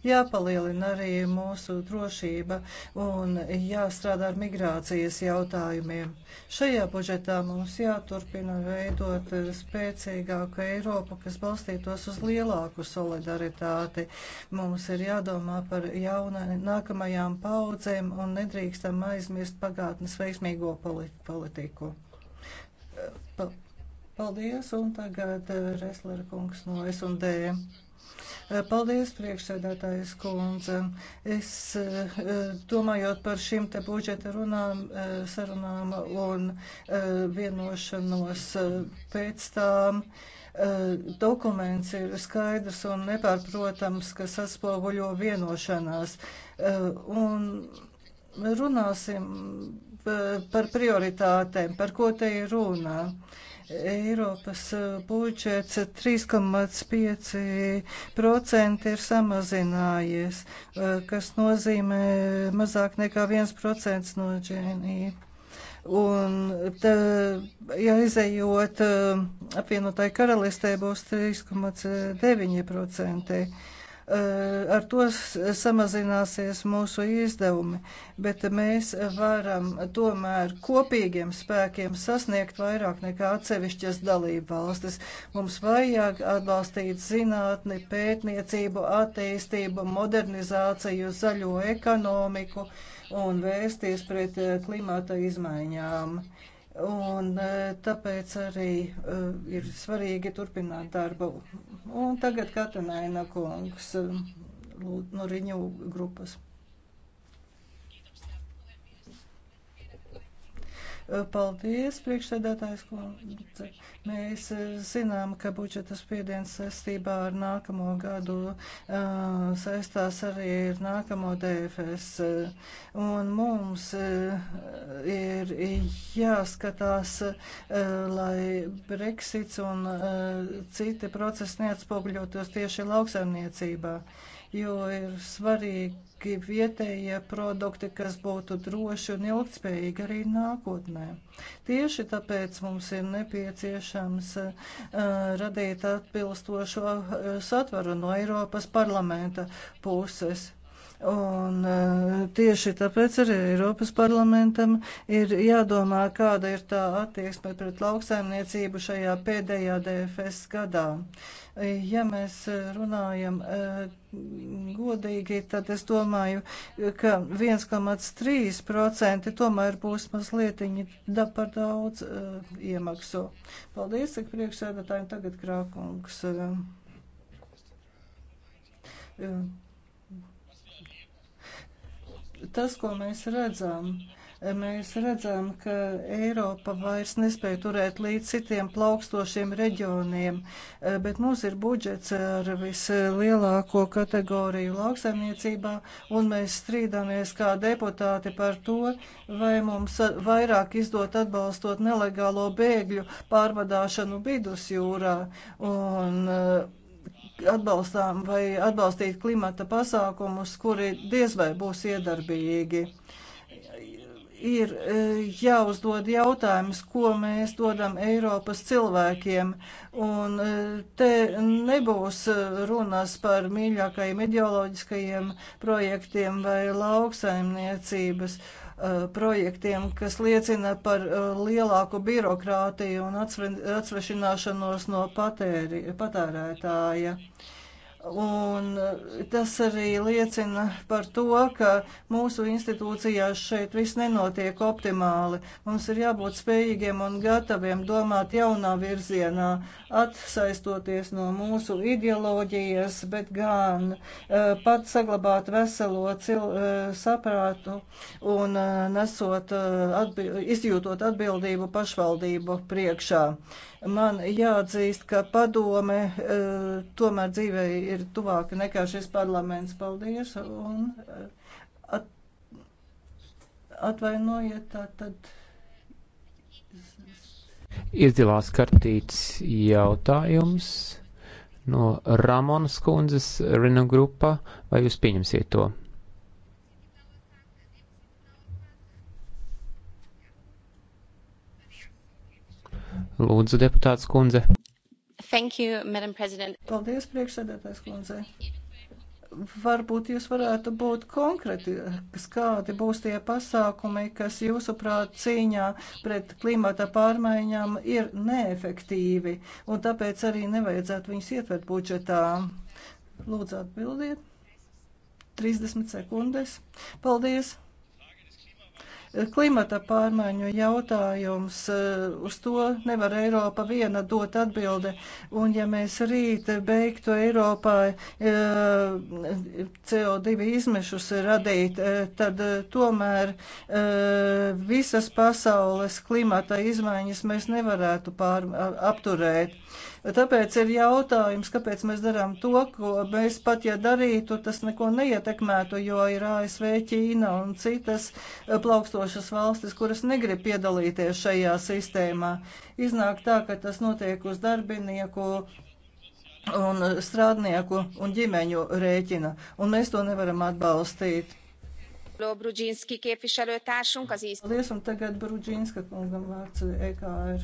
Jāpalielina arī mūsu drošība un jāstrādā ar migrācijas jautājumiem. Šajā budžetā mums jāturpina veidot spēcīgāku Eiropu, kas balstītos uz lielāku solidaritāti. Mums ir jādomā par jauna, nākamajām paudzēm un nedrīkstam aizmirst pagātnes veiksmīgo politiku. Paldies, un tagad eh, Reslera kungs no S&D. Eh, paldies, priekšsēdētājs kundze. Es eh, domājot par šim te budžeta runām, sarunām un vienošanos pēc tām dokuments ir skaidrs un nepārprotams, kas atspoguļo vienošanās. Un runāsim par prioritātēm, par ko te ir runā. Eiropas e, budžets 3,5% ir samazinājies, e, kas nozīmē mazāk nekā 1% no GNI. Un tā, ja izējot e, apvienotāji karalistē būs 3,9%. Eh, ar to samazināsies mūsu izdevumi, bet mēs varam tomēr kopīgiem spēkiem sasniegt vairāk nekā atsevišķas dalību valstis. Mums vajag atbalstīt zinātni, pētniecību, attīstību, modernizāciju, zaļo ekonomiku un vērsties pret eh, klimata izmaiņām. Uh, Un e, tāpēc arī e, ir svarīgi turpināt darbu. Un tagad Katanaina kungs e, no Riņu grupas. Paldies, priekšsēdētājs kundze. Mēs eh, zinām, ka budžeta spiediens saistībā ar nākamo gadu eh, saistās arī ar nākamo DFS. Eh, un mums ir jāskatās, lai Brexits un citi procesi neatspoguļotos tieši lauksaimniecībā jo ir svarīgi vietējie produkti, kas būtu droši un ilgspējīgi arī nākotnē. Tieši tāpēc mums ir nepieciešams uh, radīt atbilstošo eh, satvaru no Eiropas parlamenta puses. Un eh, tieši tāpēc arī Eiropas parlamentam ir jādomā, kāda ir tā attieksme pret lauksaimniecību šajā pēdējā DFS gadā. Eh, ja mēs runājam eh, godīgi, tad es domāju, ka 1,3% tomēr būs mazliet par daudz iemaksu. Paldies, ka priekšsēdētājiem tagad krākungs. Jā tas, ko mēs redzam, mēs redzam, ka Eiropa vairs nespēja turēt līdz citiem plaukstošiem reģioniem, bet mums ir budžets ar vislielāko kategoriju lauksaimniecībā, un mēs strīdamies kā deputāti par to, vai mums vairāk izdot atbalstot nelegālo bēgļu pārvadāšanu vidusjūrā. Un, atbalstām vai atbalstīt klimata pasākumus, kuri diez vai būs iedarbīgi ir e, jāuzdod jautājums, ko mēs dodam Eiropas cilvēkiem. Un e, te nebūs e, runas par mīļākajiem ideoloģiskajiem projektiem vai lauksaimniecības. Eh, projektiem, kas liecina par eh, lielāku birokrātiju un atsvešināšanos no patēri, patērētāja. Un eh, tas arī liecina par to, ka mūsu institūcijās šeit viss nenotiek optimāli. Mums ir jābūt spējīgiem un gataviem domāt jaunā virzienā, atsaistoties no mūsu ideoloģijas, bet gan uh, pat saglabāt veselo cil, uh, saprātu un uh, nesot, uh, atbi izjūtot atbildību pašvaldību priekšā. Uh, Man jāatzīst, ka padome eh, tomēr dzīvē ir tuvāka nekā šis parlaments. Paldies! Un eh, at, atvainojiet, tā tad. Izdilās kartīts jautājums no Ramonas kundzes Rina grupa, vai jūs pieņemsiet to? Lūdzu, deputāts kundze. Thank you, Madam President. Paldies, priekšsēdētājs kundze. Varbūt jūs varētu būt konkrēti, kādi būs tie pasākumi, kas jūsuprāt cīņā pret klimata pārmaiņām ir neefektīvi, un tāpēc arī nevajadzētu viņus ietvert budžetā. Lūdzu, atbildiet. 30 sekundes. Paldies! Klimata pārmaiņu jautājums, eh, uz to nevar Eiropa viena dot atbildi, un ja mēs rīt beigtu Eiropā eh, CO2 izmešus radīt, eh, tad tomēr visas pasaules klimata izmaiņas mēs nevarētu pār, apturēt. Tāpēc ir jautājums, kāpēc mēs darām to, ko mēs pat, ja darītu, tas neko neietekmētu, jo ir ASV, Ķīna un citas eh, plaukstošas valstis, kuras negrib piedalīties šajā sistēmā. Iznāk tā, ka tas notiek uz darbinieku un strādnieku un ģimeņu rēķina, un mēs to nevaram atbalstīt. Paldies, un tagad Brudžinska kungam vārds EKR.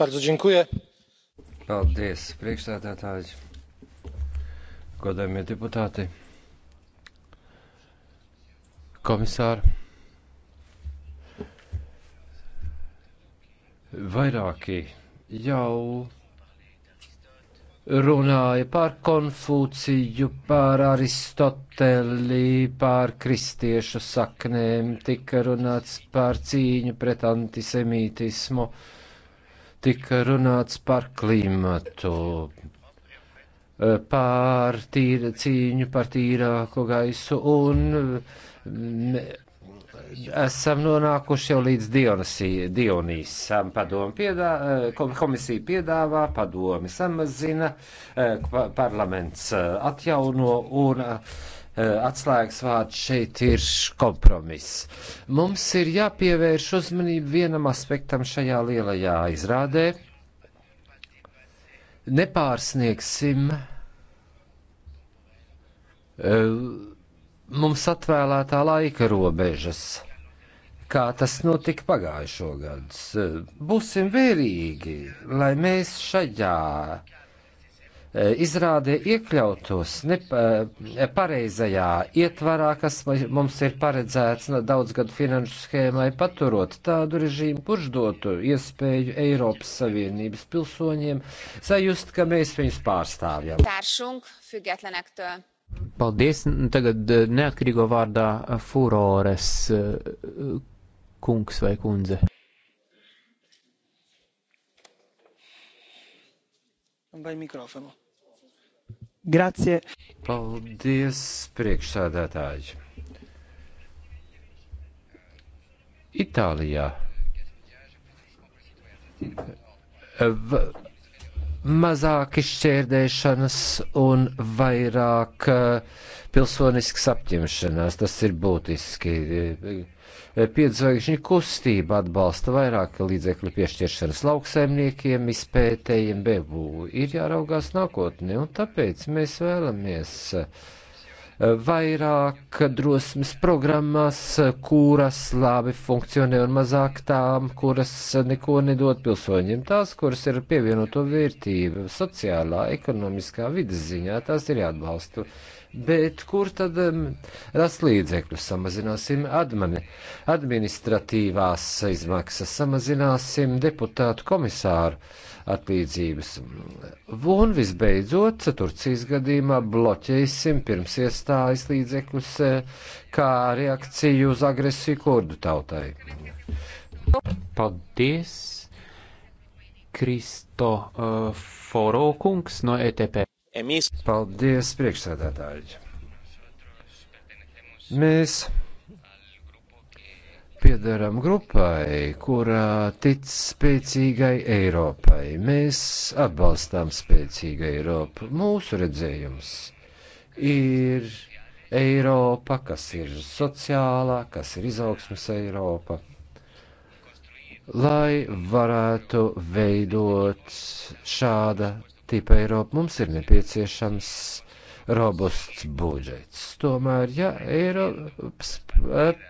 Paldies, priekšstādātāji, godājumie deputāti, komisāri. Vairāki jau runāja par Konfūciju, par Aristoteli, par kristiešu saknēm, tika runāts par cīņu pret antisemītismu. Uh, tika runāts par klimatu, pār tīra, cīņu par tīrāku gaisu un esam nonākuši jau līdz Dionīsam. Padomu piedā, komisija piedāvā, padomi samazina, eh, parlaments eh, atjauno un eh, Eh, atslēgas vārds šeit ir kompromiss. Mums ir jāpievērš uzmanību vienam aspektam šajā lielajā izrādē. Nepārsniegsim eh, mums atvēlētā laika robežas, kā tas notika pagājušo gadu. Eh, būsim vērīgi, lai mēs šajā E, izrādē iekļautos nepareizajā e, ietvarā, kas mums ir paredzēts daudzgadu finanšu schēmai, paturot tādu režīmu, kurš dotu iespēju Eiropas Savienības pilsoņiem sajust, ka mēs viņus pārstāvjam. Paldies, tagad e, neatkarīgo vārdā furores kungs vai kundze. vai mikrofonu. Grazie. Paldies, priekšsādātāji. Itālijā. V mazāk izšķērdēšanas un vairāk eh, pilsoniskas apņemšanās. Tas ir būtiski piedzvaigžņu kustība atbalsta vairāk līdzekļu piešķiršanas lauksaimniekiem, izpētējiem, bebū. Ir jāraugās nākotnē, un tāpēc mēs vēlamies eh, vairāk drosmes programmas, kuras labi funkcionē un mazāk tām, kuras neko nedod pilsoņiem. Tās, kuras ir pievienoto vērtību sociālā, ekonomiskā vidas ziņā, tās ir jāatbalsta bet kur tad rast līdzekļus? Samazināsim admini, administratīvās izmaksas, samazināsim deputātu komisāru atlīdzības. Un visbeidzot, Turcijas gadījumā bloķēsim pirms iestājas līdzekļus eh, kā reakciju uz agresiju kurdu tautai. Paldies! Kristo uh, Foro kungs no ETP. Emis... Paldies, priekšsēdētāji! Mēs piedaram grupai, kurā tic spēcīgai Eiropai. Mēs atbalstām spēcīgu Eiropu. Mūsu redzējums ir Eiropa, kas ir sociālā, kas ir izaugsmas Eiropa, lai varētu veidot šāda tipa Eiropu mums ir nepieciešams robusts budžets. Tomēr, ja Eiropas eh,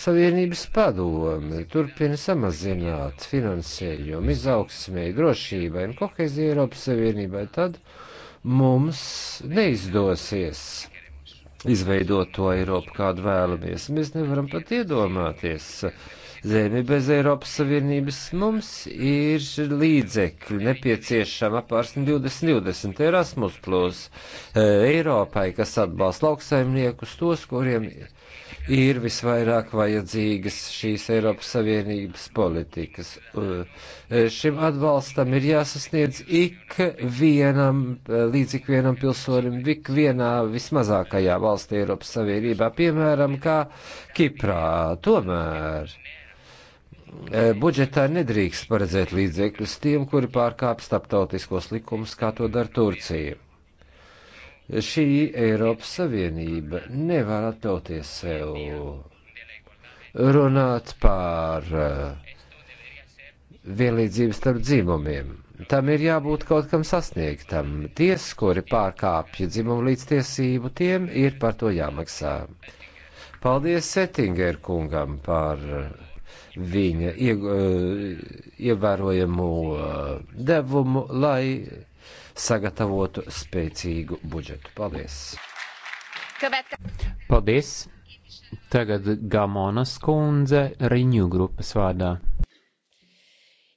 Savienības padome turpina samazināt finansējumu izaugsmēji, drošībai un kohezijai Eiropas Savienībai, tad mums neizdosies izveidot to Eiropu, kādu vēlamies. Mēs nevaram pat iedomāties uh, zemi bez Eiropas Savienības. Mums ir līdzekļi nepieciešama apvārsni 2020 Erasmus plus e, Eiropai, kas atbalsta lauksaimniekus, tos, kuriem ir visvairāk vajadzīgas šīs Eiropas Savienības politikas. E, e, šim atbalstam ir jāsasniedz ik vienam, līdz ik vienam pilsonim, ik vienā vismazākajā valstī Eiropas Savienībā, piemēram, kā Kiprā. Tomēr. Eh, budžetā nedrīkst paredzēt līdzekļus tiem, kuri pārkāpj starptautiskos likumus, kā to dara Turcija. Šī Eiropas Savienība nevar atļauties sev runāt par eh, vienlīdzību starp dzīvumiem. Tam ir jābūt kaut kam sasniegtam. Tiesas, kuri pārkāpja dzimumu līdztiesību, tiem ir par to jāmaksā. Paldies Settinger kungam par viņa uh, ievērojamu uh, devumu, lai sagatavotu spēcīgu budžetu. Paldies! Paldies! Tagad Gamonas kundze riņu grupas vārdā.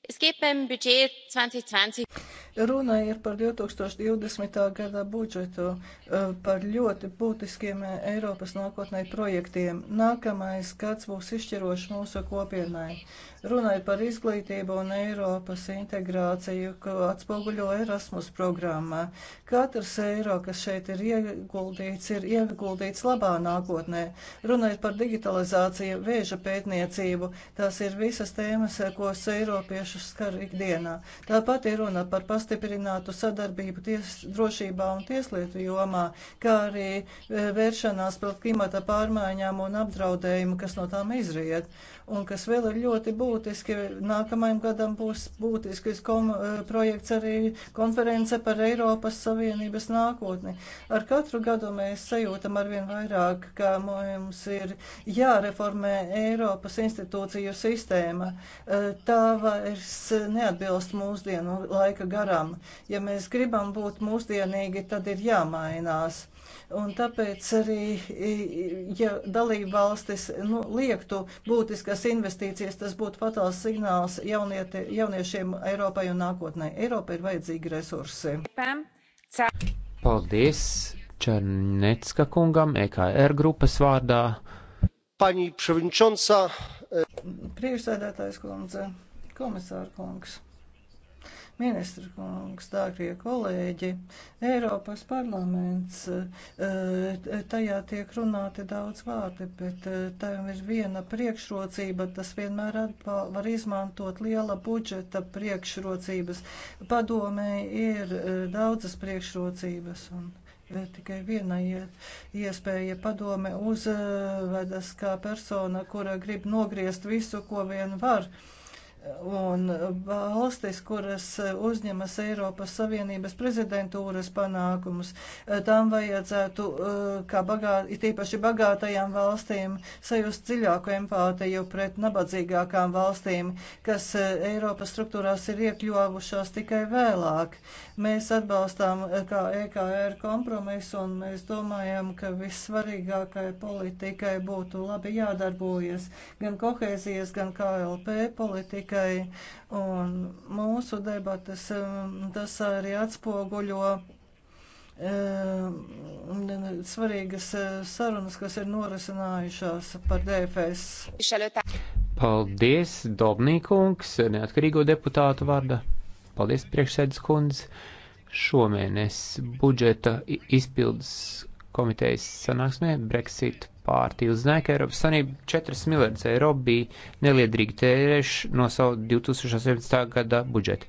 Es gibt beim Budget 2020. Runa ir par 2020. gada budžetu, eh, par ļoti būtiskiem eh, Eiropas nākotnē projektiem. Nākamais gads būs izšķirošs mūsu kopienai. Runa ir par izglītību un Eiropas integrāciju, ko atspoguļo Erasmus programmā. Katrs eiro, kas šeit ir ieguldīts, ir ieguldīts labā nākotnē. Runa ir par digitalizāciju, vēža pētniecību. Tās ir visas tēmas, eh, ko eiropiešus skar ikdienā. Tāpat ir runa par pasaules pastiprinātu sadarbību ties, drošībā un tieslietu jomā, kā arī eh, vēršanās pret klimata pārmaiņām un apdraudējumu, kas no tām izriet. Un kas vēl ir ļoti būtiski, nākamajam gadam būs būtisks kom, eh, projekts arī konference par Eiropas Savienības nākotni. Ar katru gadu mēs sajūtam arvien vairāk, ka mums ir jāreformē Eiropas institūciju sistēma. Eh, tā vairs neatbilst mūsdienu laika garam. Ja mēs gribam būt mūsdienīgi, tad ir jāmainās. Un tāpēc arī, ja dalībvalstis nu, liektu būtiskas investīcijas, tas būtu fatāls signāls jaunieti, jauniešiem Eiropai un nākotnē. Eiropai ir vajadzīgi resursi. Paldies Černecka kungam, EKR grupas vārdā. Paņi e- Priekšsēdētājs kundze, komisāra kungs. Ministra kungs, dārgie kolēģi, Eiropas parlaments, eh, tajā tiek runāti daudz vārdi, bet eh, tam ir viena priekšrocība, tas vienmēr var izmantot liela budžeta priekšrocības. Padomē ir eh, daudzas priekšrocības. Un tikai viena iespēja padome uzvedas kā persona, kura grib nogriezt visu, ko vien var. Uh, un valstis, kuras uzņemas Eiropas Savienības prezidentūras panākumus, tām vajadzētu, uh, kā bagāt, it īpaši bagātajām valstīm, sajust dziļāku empātiju pret nabadzīgākām valstīm, kas uh, Eiropas struktūrās ir iekļuvušās tikai vēlāk. Mēs atbalstām uh, kā EKR kompromisu un mēs domājam, ka vissvarīgākai politikai būtu labi jādarbojas gan kohēzijas, gan KLP politika tikai. Un mūsu debatas um, tas arī atspoguļo um, svarīgas uh, sarunas, kas ir norisinājušās par DFS. Paldies, Dobnīkungs, neatkarīgo deputātu vārda. Paldies, priekšsēdus kundze. Šomēnes budžeta izpildes komitejas sanāksmē Brexit pārtīja. Uzzināja, ka Eiropas Sanība 4 miljardus eiro bija neliedrīgi tērēši no savu 2018. gada budžetu.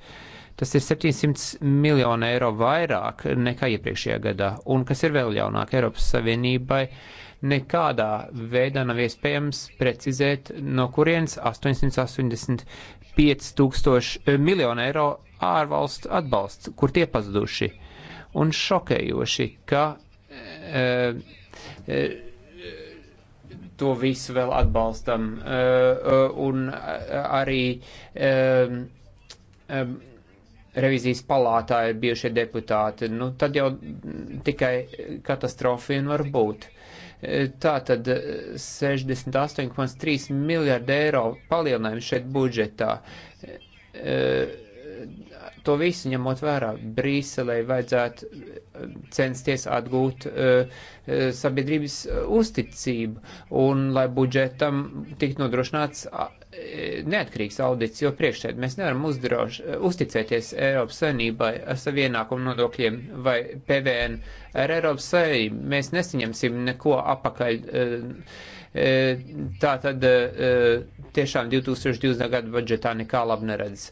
Tas ir 700 miljonu eiro vairāk nekā iepriekšējā gadā. Un kas ir vēl jaunāk Eiropas Savienībai, nekādā veidā nav iespējams precizēt, no kurienes 885 tūkstoši eh, miljonu eiro ārvalstu atbalsts, kur tie pazuduši. Un šokējoši, ka. E, e, to visu vēl atbalstam. Eh, eh, un eh, arī revizijas palātā ir bijušie deputāti. Nu, tad jau tikai katastrofa vien var būt. Tā tad 68,3 miljārdi eiro palielinājums šeit budžetā. Uh, To visu ņemot vērā, Brīselē vajadzētu eh, censties atgūt uh, sabiedrības uzticību un lai budžetam tiktu nodrošināts neatkarīgs audits, jo priekšsēd mēs nevaram uzdroš, uzticēties Eiropas savinībai ar savu ienākumu nodokļiem vai PVN. Ar Eiropas savinību mēs nesaņemsim neko apakaļ. Tā tad tiešām 2020. gada budžetā nekā labi neredz.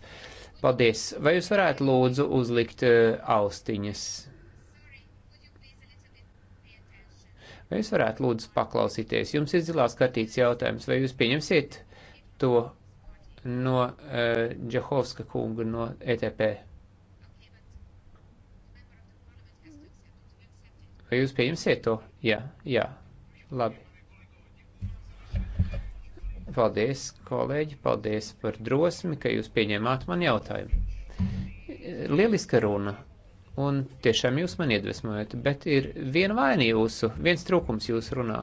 Paldies. Vai jūs varētu lūdzu uzlikt eh, austiņas? Vai jūs varētu lūdzu paklausīties? Jums ir zilās kartītes jautājums, vai jūs pieņemsiet to no uh, eh, Džahovska kunga no ETP? Vai jūs pieņemsiet to? Jā, jā, labi. Paldies, kolēģi, paldies par drosmi, ka jūs pieņēmāt man jautājumu. Lieliska runa, un tiešām jūs man iedvesmojat, bet ir viena vaina jūsu, viens trūkums jūsu runā.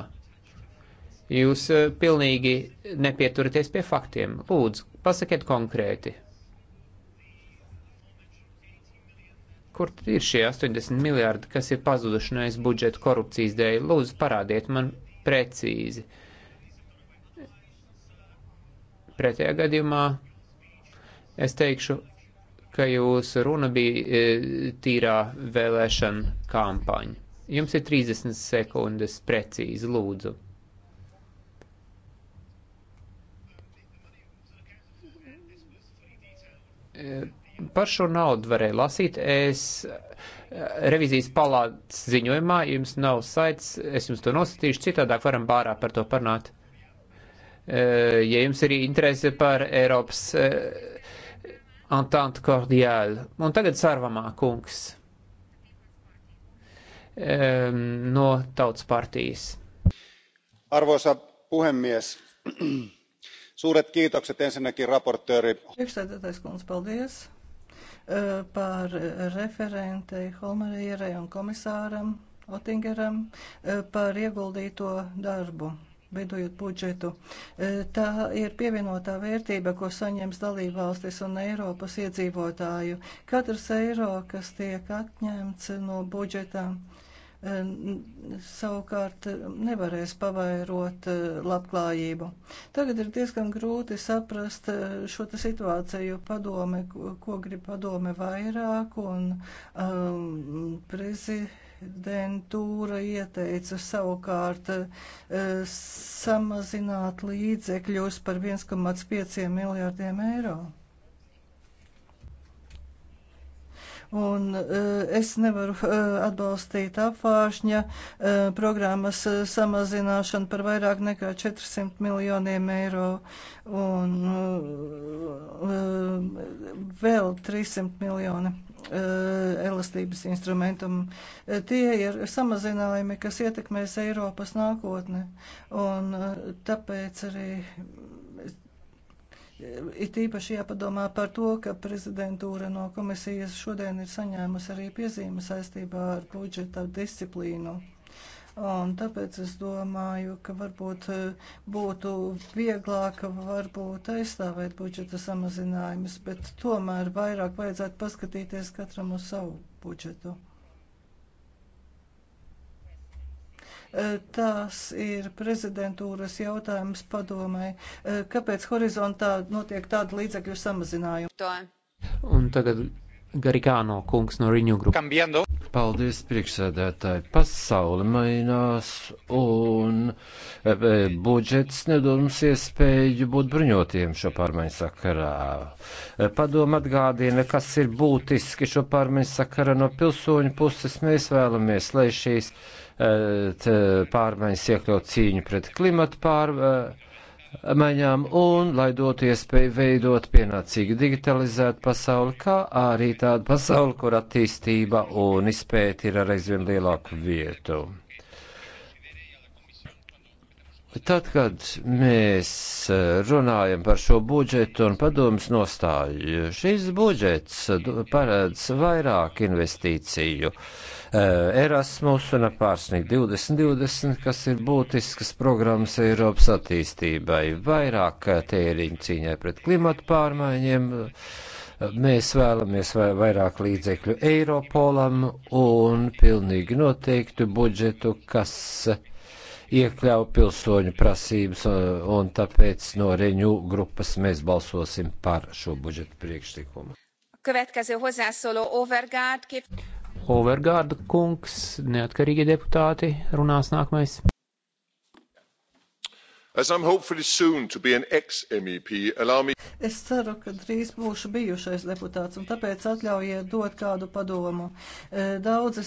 Jūs eh, pilnīgi nepieturaties pie faktiem. Lūdzu, pasakiet konkrēti. Kur ir šie 80 miljārdi, kas ir pazuduši no es budžeta korupcijas dēļ? Lūdzu, parādiet man precīzi. Uh, Pretējā gadījumā es teikšu, ka jūsu runa bija e, tīrā vēlēšana kampaņa. Jums ir 30 sekundes precīzi, lūdzu. E, par šo naudu varēja lasīt. Es e, revizijas palātas ziņojumā jums nav saits, es jums to nosūtīšu, citādāk varam bārā par to parunāt. Eh, ja jums ir interese par Eiropas eh, entente cordiale. Un tagad sarvamā kungs eh, no tautas partijas. Arvoisa puhemies, suuret kiitokset ensinnäkin raportööri. Priekšsēdētājs kundze, paldies par referentei Holmerierai un komisāram Otingeram par ieguldīto darbu veidojot budžetu. E, tā ir pievienotā vērtība, ko saņems dalībvalstis un Eiropas iedzīvotāju. Katrs eiro, kas tiek atņemts no budžeta, e, savukārt nevarēs pavairot e, labklājību. Tagad ir diezgan grūti saprast šo situāciju padome, ko grib padome vairāk un um, prezidents prezidentūra ieteica savukārt eh, samazināt līdzekļus par 1,5 miljārdiem eiro. Un e, es nevaru e, atbalstīt apvāršņa e, programmas samazināšanu par vairāk nekā 400 miljoniem eiro un vēl 300 miljoni elastības instrumentam. Tie ir samazinājumi, kas ietekmēs Eiropas nākotni. Un tāpēc arī It īpaši jāpadomā par to, ka prezidentūra no komisijas šodien ir saņēmusi arī piezīme saistībā ar budžeta disciplīnu. Un tāpēc es domāju, ka varbūt eh, būtu vieglāk varbūt aizstāvēt budžeta samazinājumus, bet tomēr vairāk vajadzētu paskatīties katram uz savu budžetu. Eh, tās ir prezidentūras jautājums padomai. Eh, kāpēc horizontā notiek tāda līdzekļu samazinājuma? Un tagad Garikāno kungs no Riņu grupas. Paldies, priekšsēdētāji. Pasauli mainās un e, budžets nedod mums iespēju būt bruņotiem šo pārmaiņu sakarā. E, Padoma atgādina, kas ir būtiski šo pārmaiņu sakarā no pilsoņu puses. Mēs vēlamies, lai šīs pārmaiņas iekļaut cīņu pret klimatu pārmaiņām e, un lai dotu iespēju veidot pienācīgi digitalizētu pasauli, kā arī tādu pasauli, kur attīstība un izpēti ir ar aizvien lielāku vietu. Tad, kad mēs e, runājam par šo budžetu un padomus nostāju, šis budžets paredz vairāk investīciju uh, Eh, Erasmus un pārsniegt 2020, kas ir būtiskas programmas Eiropas attīstībai, vairāk eh, tēriņu cīņai pret klimatu pārmaiņiem. Eh, mēs vēlamies vairāk līdzekļu Eiropolam un pilnīgi noteiktu budžetu, kas iekļauj pilsoņu prasības, un, un tāpēc no Reņu grupas mēs balsosim par šo budžetu priekšlikumu. Overgārda kungs, neatkarīgi deputāti, runās nākamais. MEP, e me... Es ceru, ka drīz būšu bijušais deputāts, un tāpēc atļaujiet dot kādu padomu. Eh, daudzas